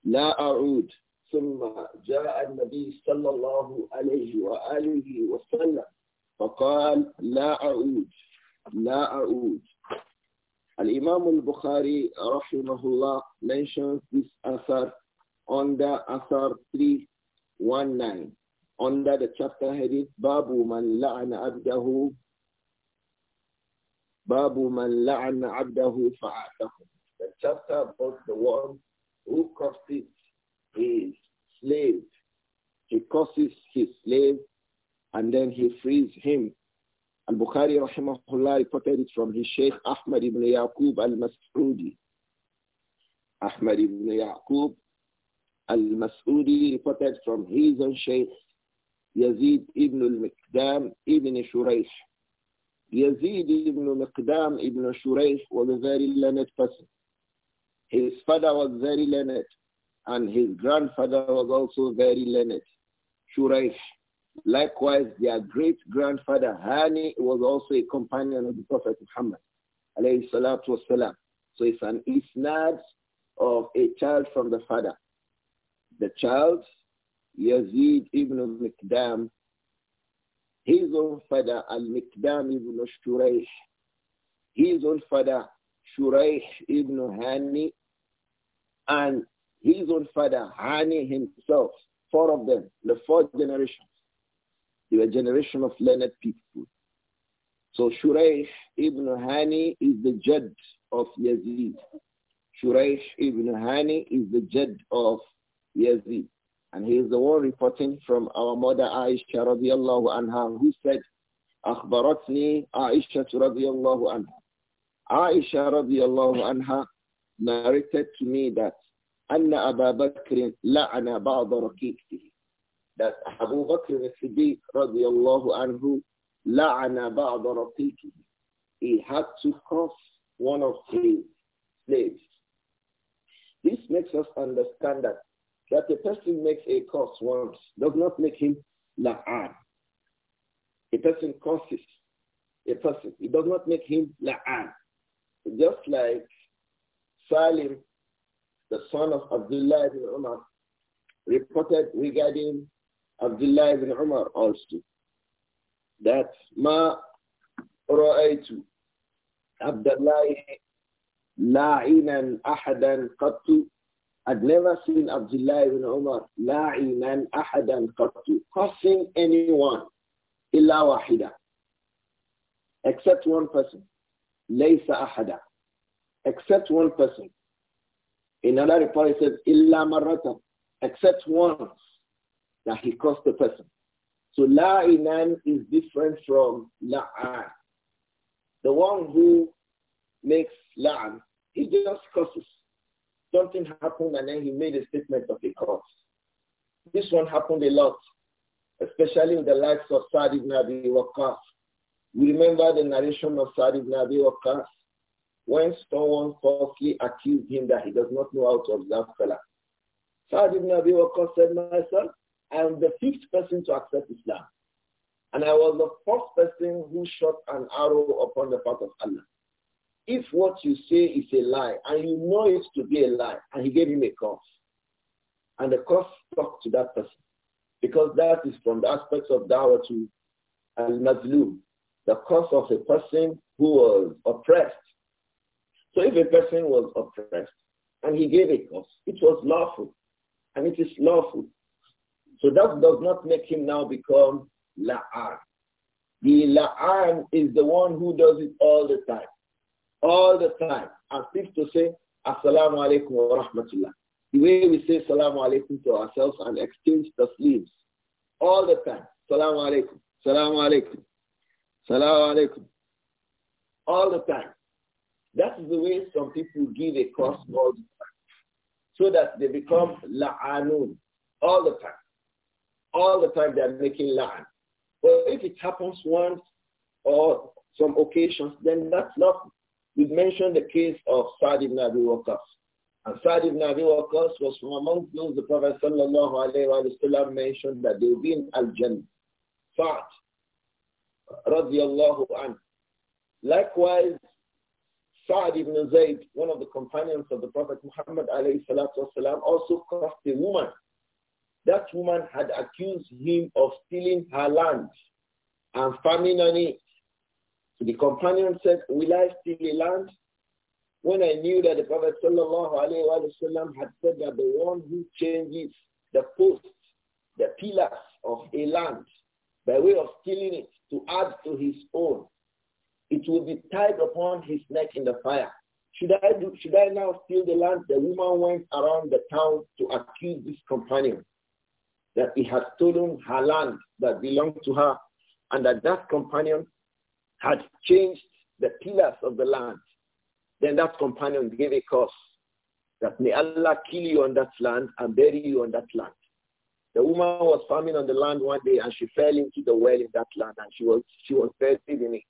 لا أعود ثم جاء النبي صلى الله عليه وآله وسلم فقال لا أعود لا أعود الإمام البخاري رحمه الله mentions this أثر under أثر 319 under the chapter headed باب من لعن عبده Babu man la'ana abdahu fa'atahu. The chapter about the one who curses his slave. He curses his slave and then he frees him. Al-Bukhari rahimahullah reported it from his Sheikh Ahmad ibn Yaqub al-Mas'udi. Ahmad ibn Yaqub al-Mas'udi reported from his own Sheikh Yazid ibn al-Mikdam ibn Shuraish Yazid ibn Miqdam ibn Shurayh was a very learned person. His father was very learned, and his grandfather was also very learned, Shurayh. Likewise, their great-grandfather Hani was also a companion of the Prophet Muhammad, So it's an isnad of a child from the father. The child, Yazid ibn Mikdam, his own father, Al-Mikdam ibn Shuraih. His own father, Shuraih ibn Hani. And his own father, Hani himself. Four of them, the fourth generation. They were a generation of learned people. So Shuraih ibn Hani is the Jed of Yazid. Shuraih ibn Hani is the Jed of Yazid. And he is the one reporting from our mother Aisha radiallahu anha who said, أخبرتني عائشة رضي الله عنها Aisha radiallahu narrated to me that أن أبا بكر لعن بعض رقيقته that Abu Bakr al-Siddiq radiallahu anhu لعن بعض رقيقه he had to cross one of his slaves this makes us understand that that a person makes a curse once does not make him la'an. A person curses a person. It does not make him la'an. Just like Salim, the son of Abdullah ibn Umar, reported regarding Abdullah ibn Umar also that ma ra'aytu Abdullah la'inan ahadan qattu I'd never seen Abdullah ibn Umar la'inan ahadan qattu, cursing anyone, illa wahida, except one person, laysa ahada, except one person. In another report it says, illa marratan, except once that he cursed the person. So la'inan is different from la'an. The one who makes la'an, he just curses. Something happened and then he made a statement of a cause. This one happened a lot, especially with the likes of Sa'd ibn Abi Waqqas. We remember the narration of Sa'd ibn Abi Waqqas when someone falsely accused him that he does not know how to observe Salah. Sa'd ibn Abi Waqqas said, myself, I am the fifth person to accept Islam. And I was the first person who shot an arrow upon the path of Allah if what you say is a lie and you know it to be a lie and he gave him a curse and the curse stuck to that person because that is from the aspects of dawah to al-mazlum, the curse of a person who was oppressed. So if a person was oppressed and he gave a curse, it was lawful and it is lawful. So that does not make him now become la'an. The la'an is the one who does it all the time all the time as if to say, Assalamu alaikum wa rahmatullah. The way we say Assalamu alaikum to ourselves and exchange the sleeves all the time. Assalamu alaikum, Assalamu alaikum, Assalamu alaikum. All the time. That is the way some people give a curse all the time. So that they become la'anun all the time. All the time they are making la'an. But if it happens once or some occasions, then that's not we mentioned the case of Sa'd ibn Abi Waqqas. And Sa'd ibn Abi Waqqas was from among those the Prophet sallallahu alayhi wa mentioned that they have been in Al-Jannah. Sa'd radiallahu anhu. Likewise, Sa'd ibn Zayd, one of the companions of the Prophet Muhammad alayhi salatu wasalam, also cast a woman. That woman had accused him of stealing her land and farming on it. So the companion said, will I steal a land? When I knew that the Prophet wasallam had said that the one who changes the posts, the pillars of a land by way of stealing it to add to his own, it will be tied upon his neck in the fire. Should I, do, should I now steal the land? The woman went around the town to accuse this companion that he had stolen her land that belonged to her and that that companion had changed the pillars of the land, then that companion gave a curse that may Allah kill you on that land and bury you on that land. The woman was farming on the land one day and she fell into the well in that land and she was, she was buried in it.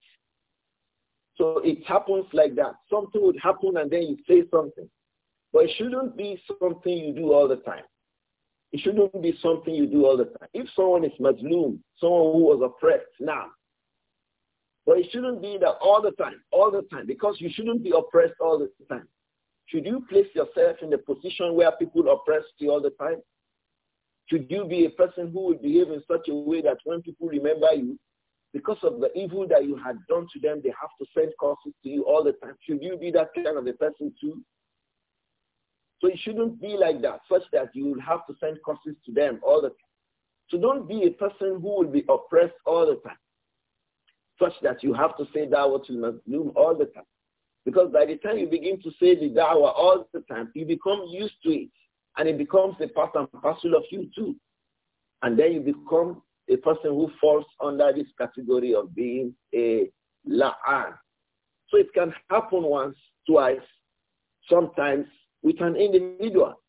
So it happens like that. Something would happen and then you say something. But it shouldn't be something you do all the time. It shouldn't be something you do all the time. If someone is Muslim, someone who was oppressed, now, but it shouldn't be that all the time, all the time, because you shouldn't be oppressed all the time. Should you place yourself in a position where people oppress you all the time? Should you be a person who would behave in such a way that when people remember you, because of the evil that you had done to them, they have to send curses to you all the time? Should you be that kind of a person too? So it shouldn't be like that, such that you will have to send curses to them all the time. So don't be a person who will be oppressed all the time such that you have to say da'wah to Mazlum all the time. Because by the time you begin to say the da'wah all the time, you become used to it. And it becomes a part and parcel of you too. And then you become a person who falls under this category of being a la'an. So it can happen once, twice, sometimes with an individual.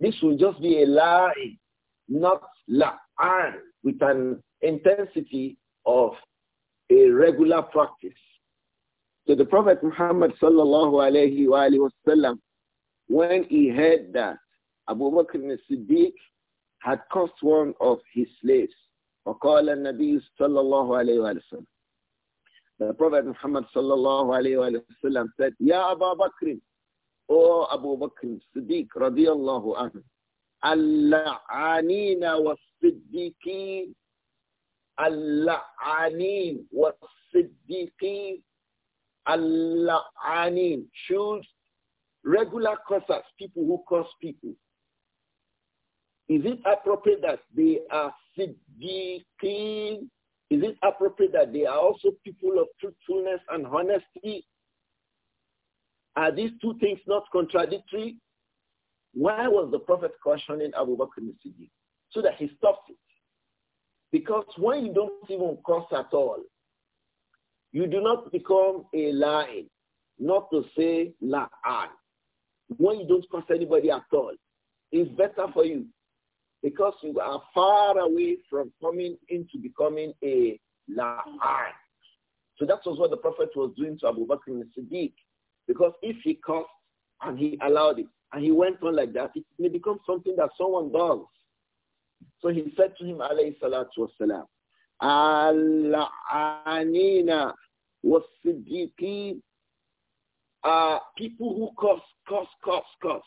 This will just be a lie, not la'an, with an intensity of a regular practice. So the Prophet Muhammad sallallahu alayhi wa wasallam, when he heard that Abu Bakr as-Siddiq had cursed one of his slaves, وقال النبي صلى الله عليه وسلم The Prophet Muhammad صلى الله عليه وسلم said, يا أبا بكر O Abu Bakr Siddiq رضي الله عنه اللعانين والصديقين اللعانين والصديقين اللعانين choose regular cursers, people who curse people. Is it appropriate that they are siddiqeen? Is it appropriate that they are also people of truthfulness and honesty? Are these two things not contradictory? Why was the Prophet cautioning Abu Bakr as-Siddiq? So that he stops because when you don't even cross at all, you do not become a lie, not to say la la'an. When you don't cross anybody at all, it's better for you because you are far away from coming into becoming a la'an. So that was what the Prophet was doing to Abu Bakr al-Siddiq. Because if he cursed and he allowed it, and he went on like that, it may become something that someone does. So he said to him, alayhi salatu wasalam, Al-anina was uh, people who curse, curse, curse, curse.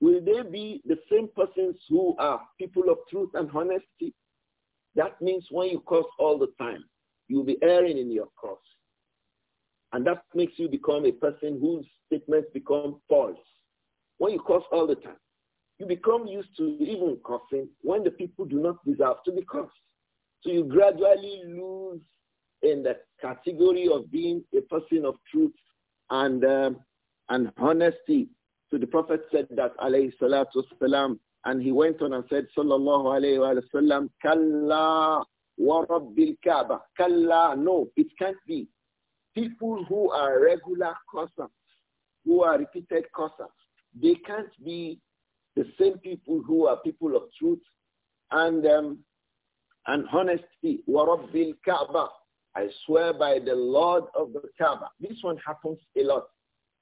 Will they be the same persons who are people of truth and honesty? That means when you curse all the time, you'll be erring in your curse. And that makes you become a person whose statements become false. When you curse all the time, you become used to even cursing when the people do not deserve to be cursed. So you gradually lose in the category of being a person of truth and um, and honesty. So the Prophet said that alayhi salatu wasalam, and he went on and said, Sallallahu alayhi wa sallam, Kalla wa rabbil Kaaba. Kalla, no, it can't be. People who are regular cursors, who are repeated cursors, they can't be the same people who are people of truth and um, and honesty. Warabbil Kaaba. I swear by the Lord of the Kaaba. This one happens a lot.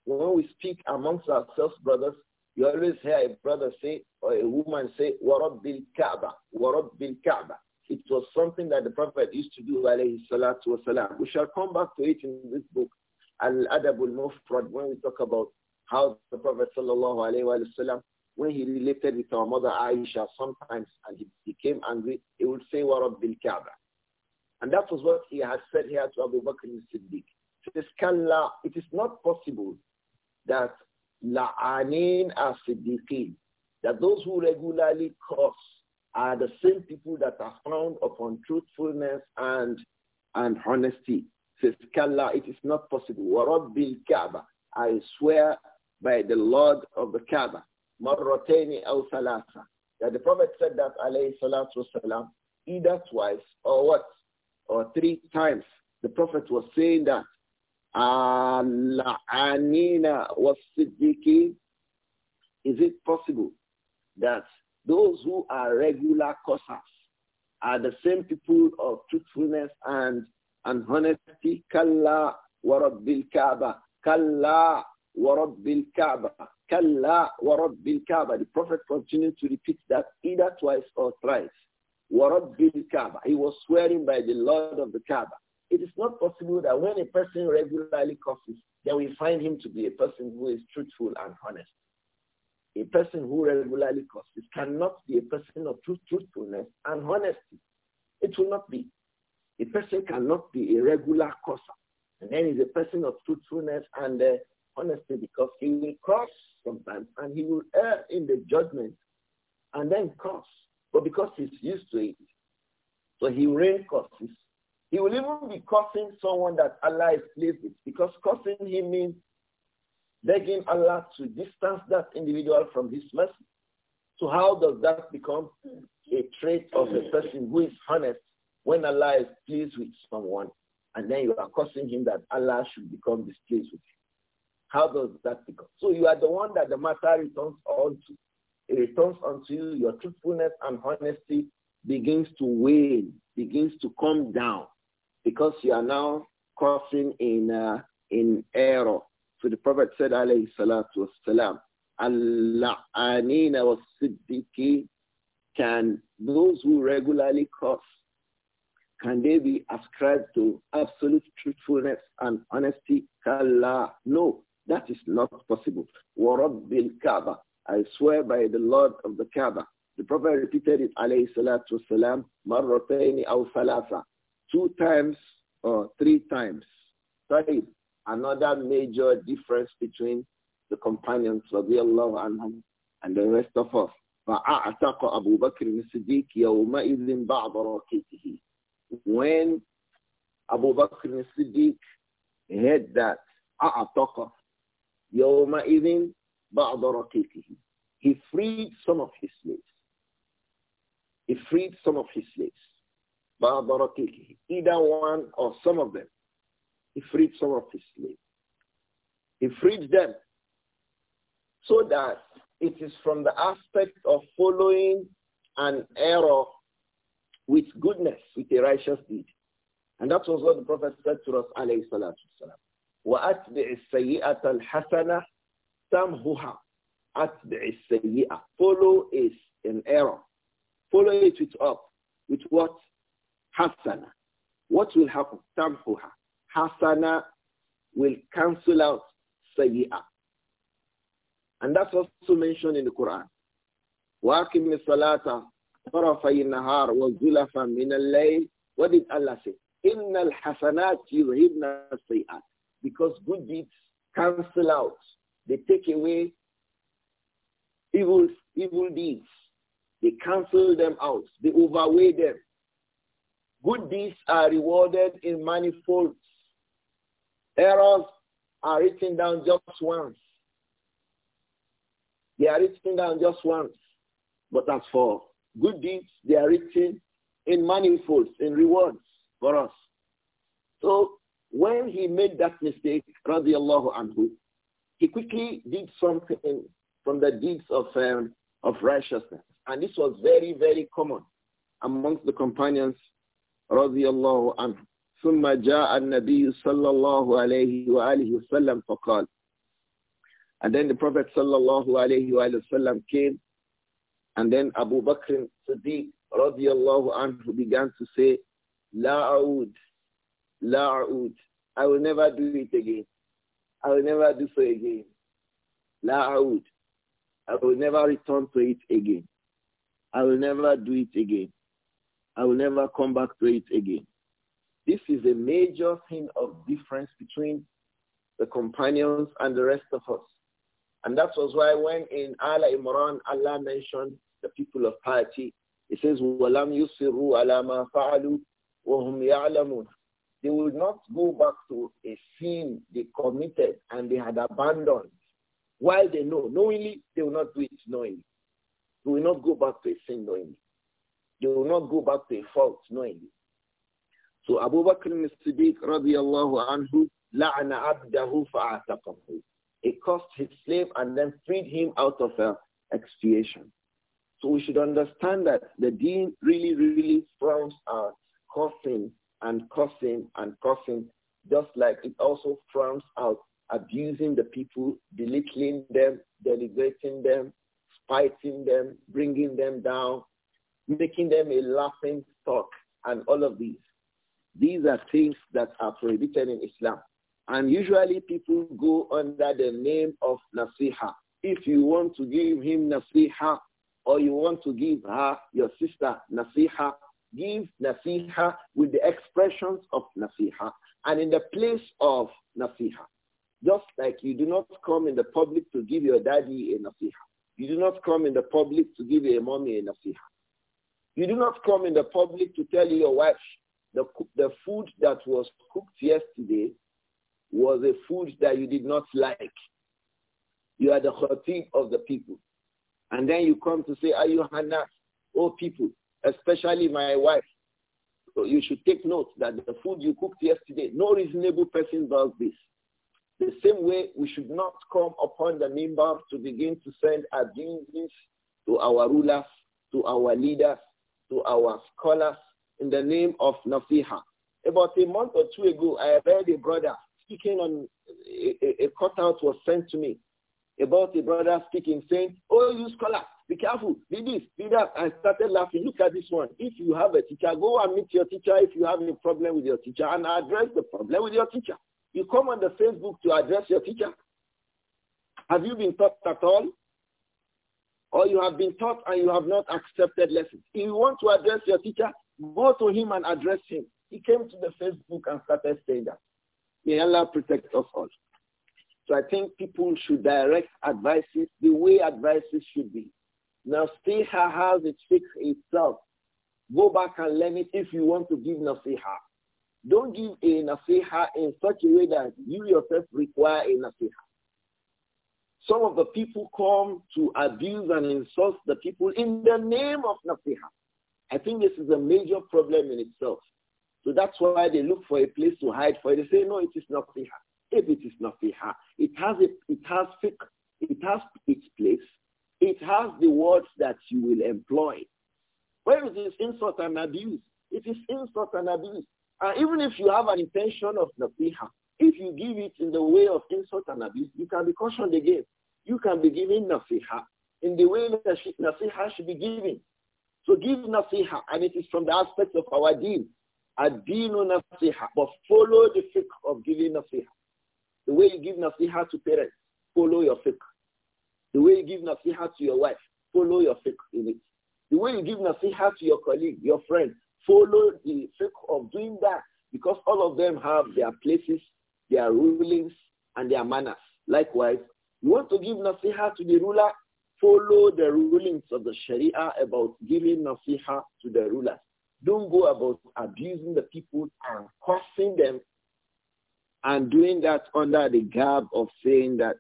When we speak amongst ourselves, brothers, you always hear a brother say or a woman say, Warabbil Kaaba, Warabbil Kaaba. It was something that the Prophet used to do, alayhi salatu wasalam. We shall come back to it in this book, Al-Adab al-Mufrad, when we talk about how the Prophet sallallahu alayhi wa sallam when he related with our mother Aisha sometimes and he became angry, he would say, Warab bil Kaaba. And that was what he had said here to Abu Bakr al-Siddiq. Kalla, it is not possible that la'anin as-siddiqin, that those who regularly curse are the same people that are found upon truthfulness and, and honesty. Kalla, it is not possible. Warab bil Kaaba. I swear by the Lord of the Kaaba. Marroteni aw thalatha. That the Prophet said that alayhi salatu wasalam, either twice or what? Or three times. The Prophet was saying that Al-anina was siddiqin. Is it possible that those who are regular cursors are the same people of truthfulness and, and honesty? Kalla warabbil Kaaba. Kalla warabbil Kaaba. Kalla wa Kaaba. The Prophet continued to repeat that either twice or thrice. Wa Kaaba. He was swearing by the Lord of the Kaaba. It is not possible that when a person regularly curses, then we find him to be a person who is truthful and honest. A person who regularly curses cannot be a person of truth, truthfulness and honesty. It will not be. A person cannot be a regular curser. And then he's a person of truthfulness and uh, Honestly, because he will cross sometimes and he will err in the judgment and then curse. But because he's used to it, so he rain curses. He will even be cursing someone that Allah is pleased with because cursing him means begging Allah to distance that individual from his mercy. So how does that become a trait of a person who is honest when Allah is pleased with someone and then you are cursing him that Allah should become displeased with him? How does that become? So you are the one that the matter returns on to. It returns onto you. Your truthfulness and honesty begins to wane, begins to come down because you are now crossing in, uh, in error. So the Prophet said, alayhi salatu wasalam, Al-la'anina was-siddiqi can those who regularly cross, can they be ascribed to absolute truthfulness and honesty? Kalla. No. That is not possible. وَرَبِّ الْكَعْبَةِ I swear by the Lord of the Kaaba. The Prophet repeated it, alayhi salatu wasalam, marratayni aw thalatha. Two times or three times. Sorry, another major difference between the companions, radiallahu anhum, and the rest of us. فَأَعْتَقَ أَبُو بَكْرٍ الصِّدِّيقِ يَوْمَئِذٍ بَعْضَ رَاقِبِهِ When Abu Bakr al-Siddiq heard that, أَعْتَقَ يَوْمَ إِذٍ بَعْضَ رَقِيقِهِ He freed some of his slaves. He freed some of his slaves. بَعْضَ رَقِيقِهِ Either one or some of them. He freed some of his slaves. He freed them so that it is from the aspect of following an error with goodness, with a righteous deed. And that was what the Prophet said to us, alayhi salatu وَأَتْبِعِ السَّيِّئَةَ الْحَسَنَةَ تَمْهُهَا أَتْبِعِ السَّيِّئَةَ Follow is an error. Follow it with up. With what? حسنة What will happen? Tamhuha. حسنة will cancel out Sayyi'ah. And that's also mentioned in the Quran. وَأَقِمِ الصَّلَاةَ طَرَفَيِ النَّهَارِ وَزُلَفًا مِنَ اللَّيْلِ What did Allah say? إِنَّ الْحَسَنَاتِ يُذْهِبْنَ السَّيِّئَاتِ because good deeds cancel out. They take away evil, evil deeds. They cancel them out. They overweigh them. Good deeds are rewarded in manifolds. Errors are written down just once. They are written down just once. But as for good deeds, they are written in manifolds, in rewards for us. So when he made that mistake, radiallahu anhu, he quickly did something from the deeds of, um, of righteousness. And this was very, very common amongst the companions, radiallahu anhu. ثم جاء النبي صلى الله عليه وآله وسلم فقال And then the Prophet صلى الله عليه وآله وسلم came and then Abu Bakr Siddiq الله عنه began to say لا أعود La'ud. I will never do it again. I will never do so again. La'ud. I will never return to it again. I will never do it again. I will never come back to it again. This is a major thing of difference between the companions and the rest of us. And that was why when in Al Imran, Allah mentioned the people of piety, He says, وَلَمْ يُصِرُّوا عَلَى مَا فَعَلُوا وَهُمْ يَعْلَمُونَ they will not go back to a sin they committed and they had abandoned. While they know, knowingly, they will not do it knowingly. They will not go back to a sin knowingly. They will not go back to a fault knowingly. So Abu Bakr al-Siddiq radiallahu anhu, la'ana abdahu fa'ataqahu. It cost his slave and then freed him out of expiation. So we should understand that the deen really, really frowns our cursing and cursing and cursing, just like it also frowns out abusing the people, belittling them, denigrating them, spiting them, bringing them down, making them a laughing stock, and all of these. These are things that are prohibited in Islam. And usually people go under the name of nasiha. If you want to give him nasiha, or you want to give her, your sister, nasiha, give nasiha with the expressions of nasiha and in the place of nasiha. Just like you do not come in the public to give your daddy a nasiha. You do not come in the public to give your mommy a nasiha. You do not come in the public to tell your wife the, the food that was cooked yesterday was a food that you did not like. You are the khatib of the people. And then you come to say, hana, oh people, especially my wife. So you should take note that the food you cooked yesterday, no reasonable person does this. The same way, we should not come upon the member to begin to send abuses to our rulers, to our leaders, to our scholars in the name of Nasiha. About a month or two ago, I heard a brother speaking on, a, a, a cutout was sent to me about a brother speaking, saying, oh, you scholars, be careful. Be this, be that. I started laughing. Look at this one. If you have a teacher, go and meet your teacher if you have a problem with your teacher and address the problem with your teacher. You come on the Facebook to address your teacher. Have you been taught at all? Or you have been taught and you have not accepted lessons. If you want to address your teacher, go to him and address him. He came to the Facebook and started saying that. May Allah protect us all. So I think people should direct advices the way advices should be. Now, Nasiha has its fix itself. Go back and learn it if you want to give nasiha. Don't give a nasiha in such a way that you yourself require a nasiha. Some of the people come to abuse and insult the people in the name of nasiha. I think this is a major problem in itself. So that's why they look for a place to hide for it. They say, no, it is not If it is not it has a, it has fiqh, it has its place, it has the words that you will employ. Where is this insult and abuse? It is insult and abuse. And even if you have an intention of nasiha, if you give it in the way of insult and abuse, you can be cautioned again. You can be giving nasiha in the way that nasiha should be given. So give nasiha, and it is from the aspect of our deen. Adinu nasiha, but follow the fiqh of giving nasiha. The way you give nasiha to parents, follow your fiqh. The way you give nasiha to your wife, follow your fiqh in it. The way you give nasiha to your colleague, your friend, follow the fiqh of doing that because all of them have their places, their rulings, and their manners. Likewise, you want to give nasiha to the ruler, follow the rulings of the Sharia about giving nasiha to the rulers. Don't go about abusing the people and cursing them and doing that under the garb of saying that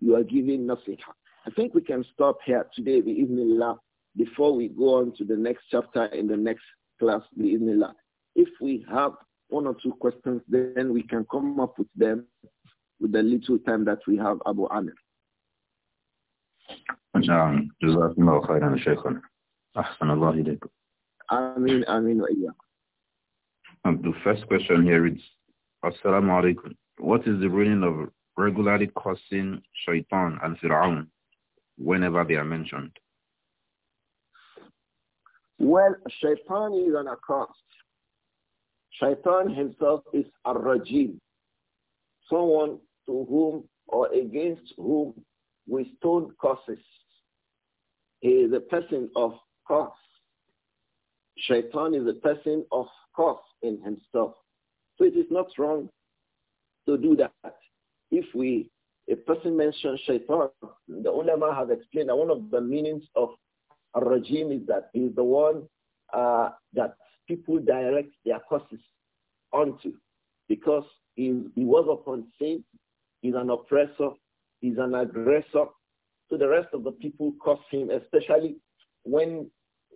you are giving nasiha. I think we can stop here today, the evening lab, before we go on to the next chapter in the next class, the evening lab. If we have one or two questions, then we can come up with them with the little time that we have, Abu Amir. نعم جزاكم um, The first question here is Assalamu alaikum What is the meaning of regularly cursing shaitan and Fir'aun whenever they are mentioned? Well, shaitan is an accursed. Shaitan himself is a rajim, someone to whom or against whom we stone curses. He is a person of curse. Shaitan is a person of curse in himself. So it is not wrong to do that if we a person mentioned shaitan, the ulama has explained that one of the meanings of regime is that he is the one uh, that people direct their courses onto because he, he was upon sin, he's an oppressor, he's an aggressor. So the rest of the people curse him, especially when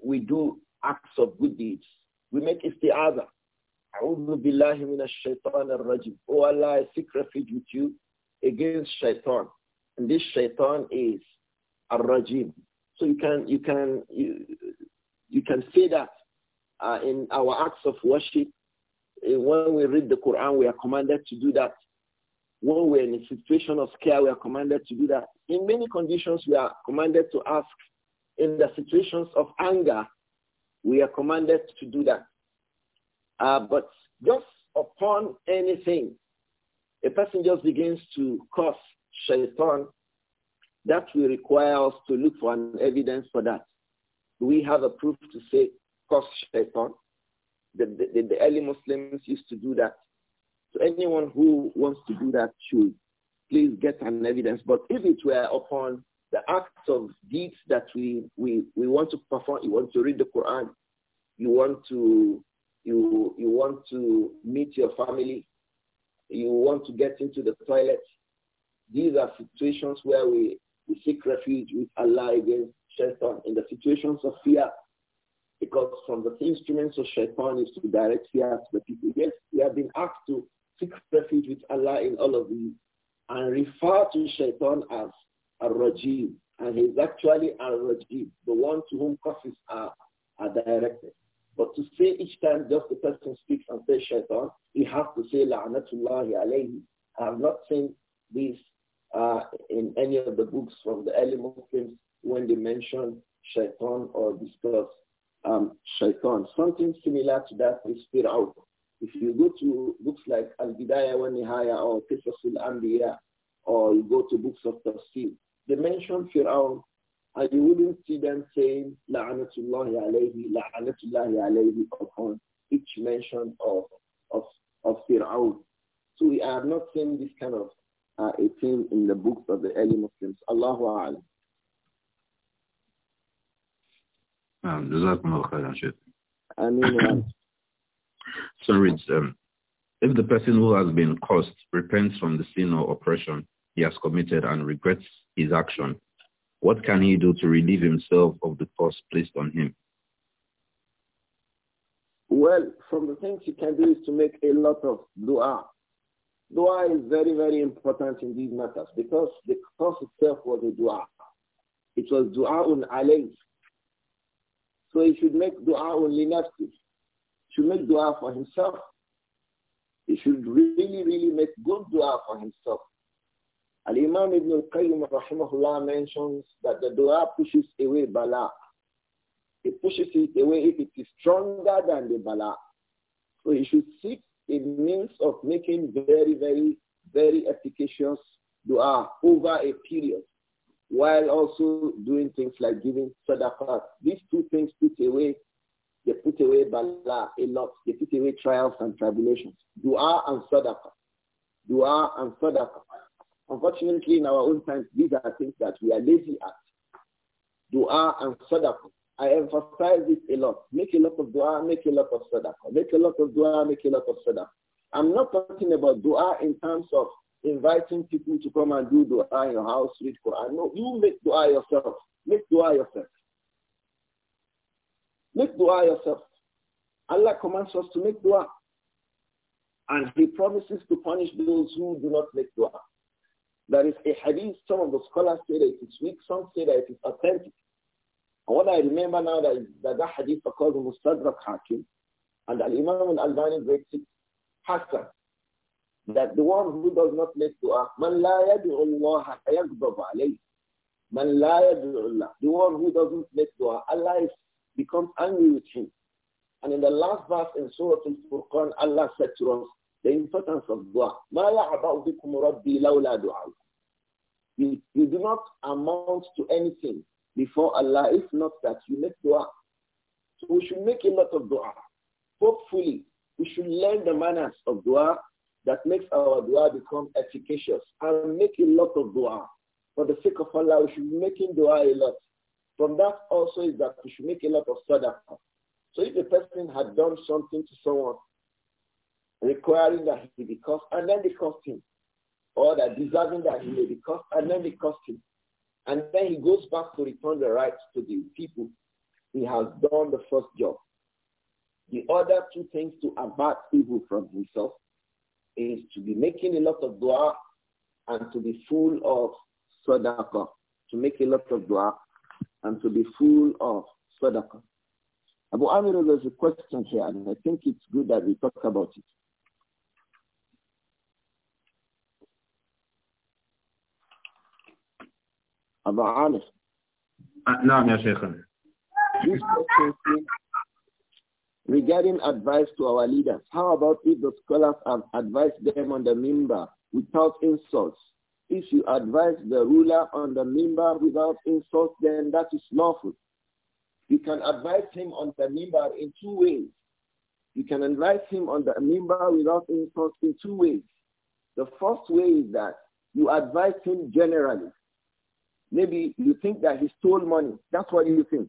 we do acts of good deeds. We make isti'aza. A'udhu billahi minash shaitan ar-rajim. Oh Allah, I seek refuge with you against shaitan. And this shaitan is a rajim So you can, you can, you, you can see that uh, in our acts of worship, eh, when we read the Quran, we are commanded to do that. When we're in a situation of care, we are commanded to do that. In many conditions, we are commanded to ask. In the situations of anger, we are commanded to do that. Uh, but just upon anything, a person just begins to curse shaitan, that will require us to look for an evidence for that. we have a proof to say curse shaitan? The, the, the early Muslims used to do that. So anyone who wants to do that should please get an evidence. But if it were upon the acts of deeds that we, we, we want to perform, you want to read the Quran, you want to you you want to meet your family, you want to get into the toilet. These are situations where we, we seek refuge with Allah against shaitan in the situations of fear. Because from the instruments of shaitan is to direct fear to the people. Yes, we have been asked to seek refuge with Allah in all of these and refer to shaitan as a rajim And he's actually a rajim the one to whom curses are, are directed. But to say each time just the person speaks and says shaitan, you have to say la'natullahi alayhi. I have not seen this uh, in any of the books from the early Muslims when they mention shaitan or discuss um, shaitan. Something similar to that is Fir'aun. If you go to books like Al-Bidayah wa Nihaya or al Anbiya or you go to books of Tafsir, they mention Fir'aun and you wouldn't see them saying, La'anatullahi alayhi, La'anatullahi alayhi, upon each mention of, of, of Fir'aun. So we are not seeing this kind of uh, a thing in the books of the early Muslims. Allahu A'lam. جزاكم um, So it's, um, if the person who has been cursed repents from the sin or oppression he has committed and regrets his action, what can he do to relieve himself of the curse placed on him? Well, from the things he can do is to make a lot of dua. Dua is very, very important in these matters because the curse itself was a dua. It was du'a un alayh. So he should make du'a du'a'un li He should make dua for himself. He should really, really make good dua for himself. Al-Imam Ibn al-Qayyim rahimahullah mentions that the dua pushes away bala. It pushes it away if it is stronger than the bala. So you should seek a means of making very, very, very efficacious dua over a period while also doing things like giving sadaqah. These two things put away, they put away bala a lot. They put away trials and tribulations. Dua and sadaqah. Dua and sadaqah. Unfortunately, in our own times, these are things that we are lazy at. Dua and sadaqah. I emphasize this a lot. Make a lot of dua, make a lot of sadaqah. Make a lot of dua, make a lot of sadaqah. I'm not talking about dua in terms of inviting people to come and do dua in your house, read Quran. No, you make dua yourself. Make dua yourself. Make dua yourself. Allah commands us to make dua. And he promises to punish those who do not make dua. There is a hadith, some of the scholars say that it is weak, some say that it is authentic. And what I remember now that, that, that hadith are called Mustadrak Hakim, and Al-Imam al-Albani breaks it Hassan, that the one who does not make dua, man la yad'u Allah yaghdab alayh. Man la yad'u Allah. The one who doesn't make dua, Allah is, becomes angry with him. And in the last verse in Surah Al-Furqan, Allah said to us, the importance of dua. You, you do not amount to anything before Allah if not that you make dua. So we should make a lot of dua. Hopefully, we should learn the manners of dua that makes our dua become efficacious and make a lot of dua. For the sake of Allah, we should be making dua a lot. From that also is that we should make a lot of sadaqah. So if a person had done something to someone requiring that he be cursed, and then they cursed him, or that deserving that he may be cursed, and then they cursed him. And then he goes back to return the rights to the people. He has done the first job. The other two things to avert evil from himself is to be making a lot of dua and to be full of sadaqah, to make a lot of dua and to be full of sadaqah. Abu Amir, there's a question here, and I think it's good that we talk about it. أبا عامر نعم يا regarding advice to our leaders, how about if the scholars have advised them on the member without insults? If you advise the ruler on the member without insults, then that is lawful. You can advise him on the member in two ways. You can advise him on the member without insults in two ways. The first way is that you advise him generally. Maybe you think that he stole money. That's what you think.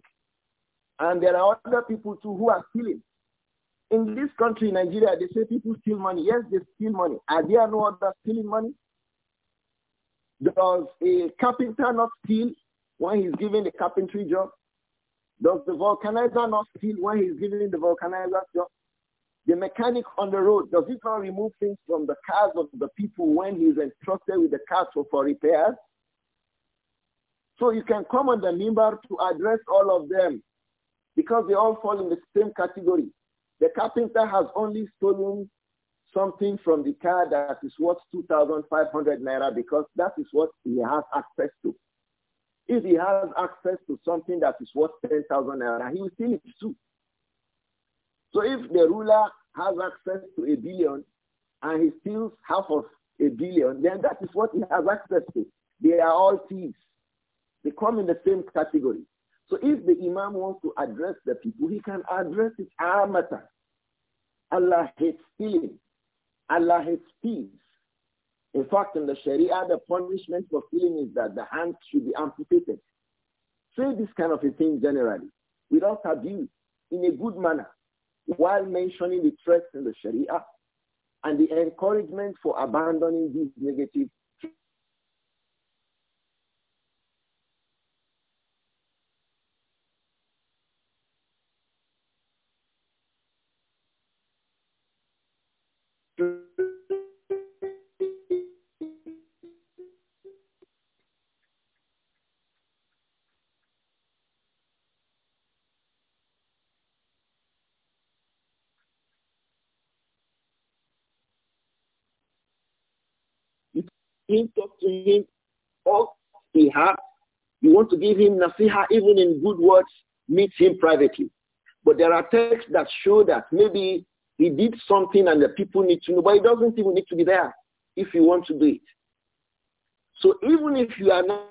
And there are other people too who are stealing. In this country, Nigeria, they say people steal money. Yes, they steal money. Are there no other stealing money? Does a carpenter not steal when he's given a carpentry job? Does the vulcanizer not steal when he's given the vulcanizer job? The mechanic on the road, does he not remove things from the cars of the people when he's entrusted with the cars for, for repairs? So you can come on the mimbar to address all of them because they all fall in the same category. The carpenter has only stolen something from the car that is worth 2,500 naira because that is what he has access to. If he has access to something that is worth 10,000 naira, he will steal it too. So if the ruler has access to a billion and he steals half of a billion, then that is what he has access to. They are all thieves. They come in the same category. So if the imam wants to address the people, he can address it amata. Allah hates stealing. Allah hates thieves. In fact, in the Sharia, the punishment for stealing is that the hand should be amputated. Say this kind of a thing generally, without abuse, in a good manner, while mentioning the threats in the Sharia and the encouragement for abandoning these negative him, talk to him all he has. You want to give him nasiha even in good words, meet him privately. But there are texts that show that maybe he did something and the people need to know, but it doesn't even need to be there if you want to do it. So even if you are not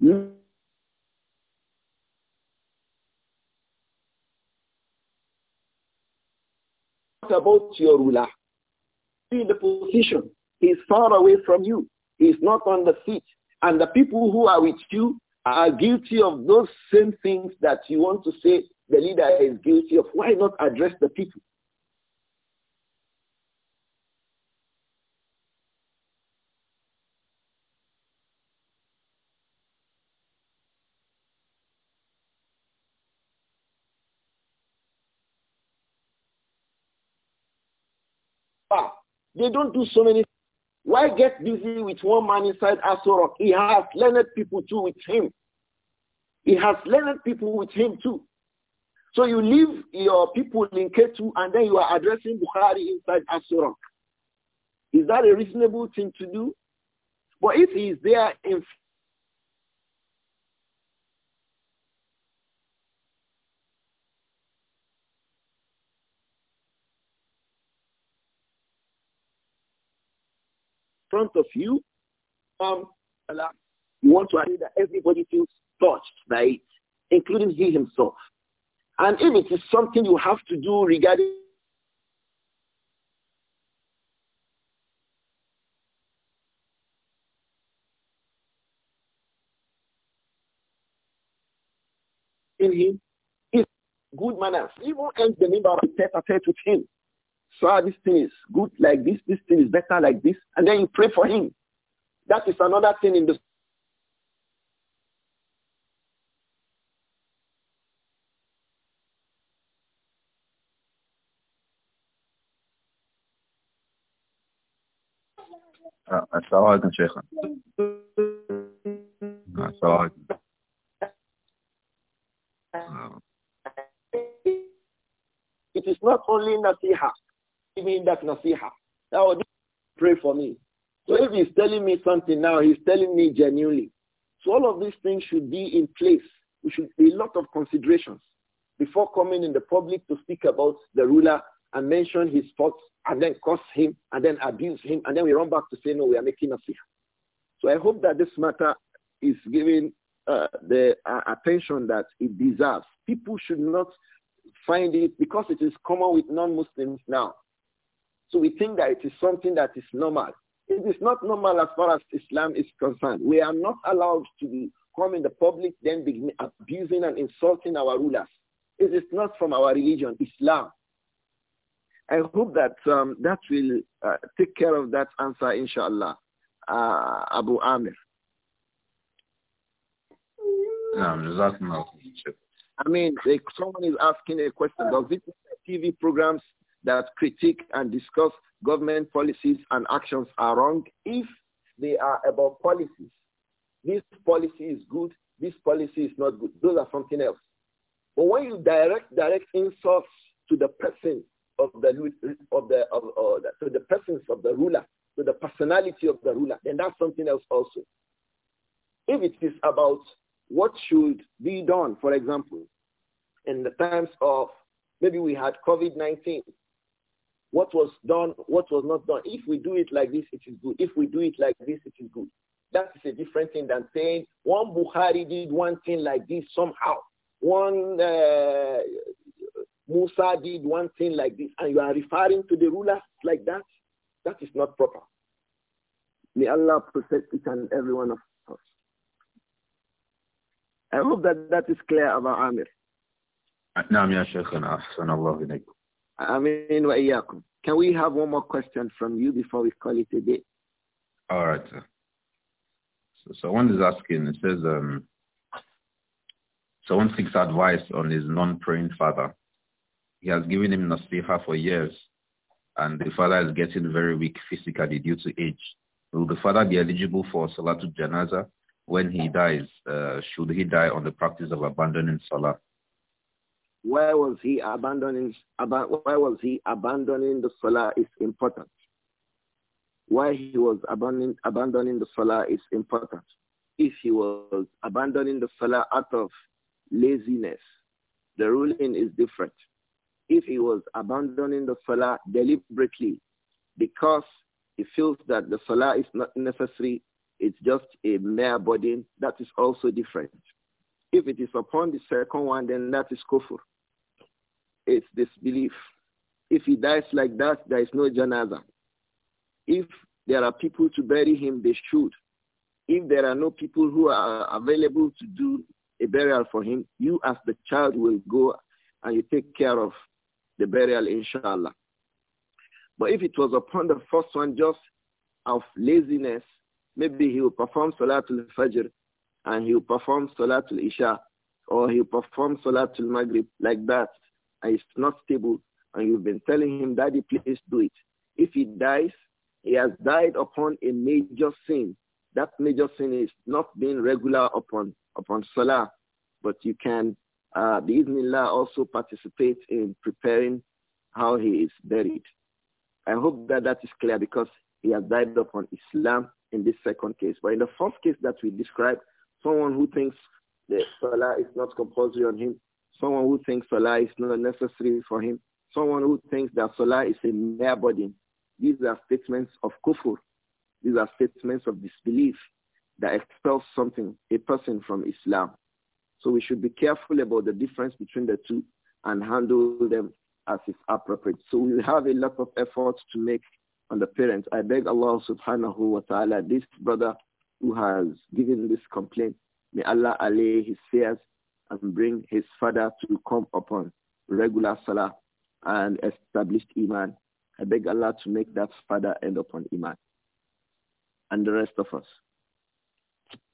What about your ruler? See the position. He's far away from you. He's not on the seat. And the people who are with you are guilty of those same things that you want to say the leader is guilty of. Why not address the people? They don't do so many. Why get busy with one man inside Asorok? He has learned people too with him. He has learned people with him too. So you leave your people in Ketu and then you are addressing Bukhari inside Asorok. Is that a reasonable thing to do? But if he is there in front of you, um, you want to ensure that everybody feels touched by it, including he himself. And if it is something you have to do regarding in him it's good manners. Even as the member of the tete with him saw this thing is good like this, this thing is better like this, and then you pray for him. That is another thing in the uh, It is not only nasiha give that nasiha. now pray for me. So if he's telling me something now, he's telling me genuinely. So all of these things should be in place. We should be a lot of considerations before coming in the public to speak about the ruler and mention his faults and then curse him and then abuse him and then we run back to say no, we are making a nasiha. So I hope that this matter is given uh, the uh, attention that it deserves. People should not find it because it is common with non-Muslims now. So we think that it is something that is normal. It is not normal as far as Islam is concerned. We are not allowed to come in the public then begin abusing and insulting our rulers. It is not from our religion, Islam. I hope that um, that will uh, take care of that answer, inshallah, uh, Abu Amir. I mean, someone is asking a question, does it TV programs that critique and discuss government policies and actions are wrong if they are about policies. This policy is good, this policy is not good. Those are something else. But when you direct direct insults to the person of the of the of, of to the presence of the ruler, to the personality of the ruler, then that's something else also. If it is about what should be done, for example, in the times of maybe we had COVID-19 what was done, what was not done. If we do it like this, it is good. If we do it like this, it is good. That is a different thing than saying one Buhari did one thing like this somehow. One uh, Musa did one thing like this, and you are referring to the rulers like that. That is not proper. May Allah protect each and every one of us. I hope that that is clear about Amir. نعم يا شيخنا أحسن الله إليكم Amin wa iyyakum. Can we have one more question from you before we call it a day? All right. So someone is asking, it says, um, someone seeks advice on his non-praying father. He has given him nasiha for years, and the father is getting very weak physically due to age. Will the father be eligible for Salatul Janaza when he dies? Uh, should he die on the practice of abandoning Salah? Why was he abandoning, why was he abandoning the salah is important. Why he was abandoning, abandoning the salah is important. If he was abandoning the salah out of laziness, the ruling is different. If he was abandoning the salah deliberately because he feels that the salah is not necessary, it's just a mere burden, that is also different. If it is upon the second one, then that is kufr. It's disbelief. If he dies like that, there is no janaza. If there are people to bury him, they should. If there are no people who are available to do a burial for him, you as the child will go and you take care of the burial, inshallah. But if it was upon the first one just of laziness, maybe he will perform Salatul Fajr and he will perform Salatul Isha or he will perform Salatul Maghrib like that and it's not stable, and you've been telling him, Daddy, please do it. If he dies, he has died upon a major sin. That major sin is not being regular upon upon Salah, but you can, uh, Bismillah, also participate in preparing how he is buried. I hope that that is clear because he has died upon Islam in this second case. But in the first case that we described, someone who thinks the Salah is not compulsory on him, Someone who thinks Salah is not necessary for him. Someone who thinks that Salah is a mere burden. These are statements of kufr. These are statements of disbelief that expels something, a person from Islam. So we should be careful about the difference between the two and handle them as is appropriate. So we have a lot of efforts to make on the parents. I beg Allah subhanahu wa ta'ala, this brother who has given this complaint, may Allah allay his fears and bring his father to come upon regular salah and establish iman. I beg Allah to make that father end upon iman and the rest of us.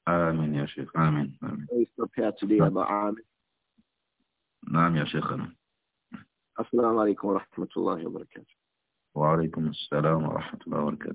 Amen, Ya Sheikh. Amen. Amen. We stop here today Amen. about Amen. Naam, Ya Sheikh. Assalamu alaikum wa rahmatullahi wa barakatuh. assalam السلام ورحمة الله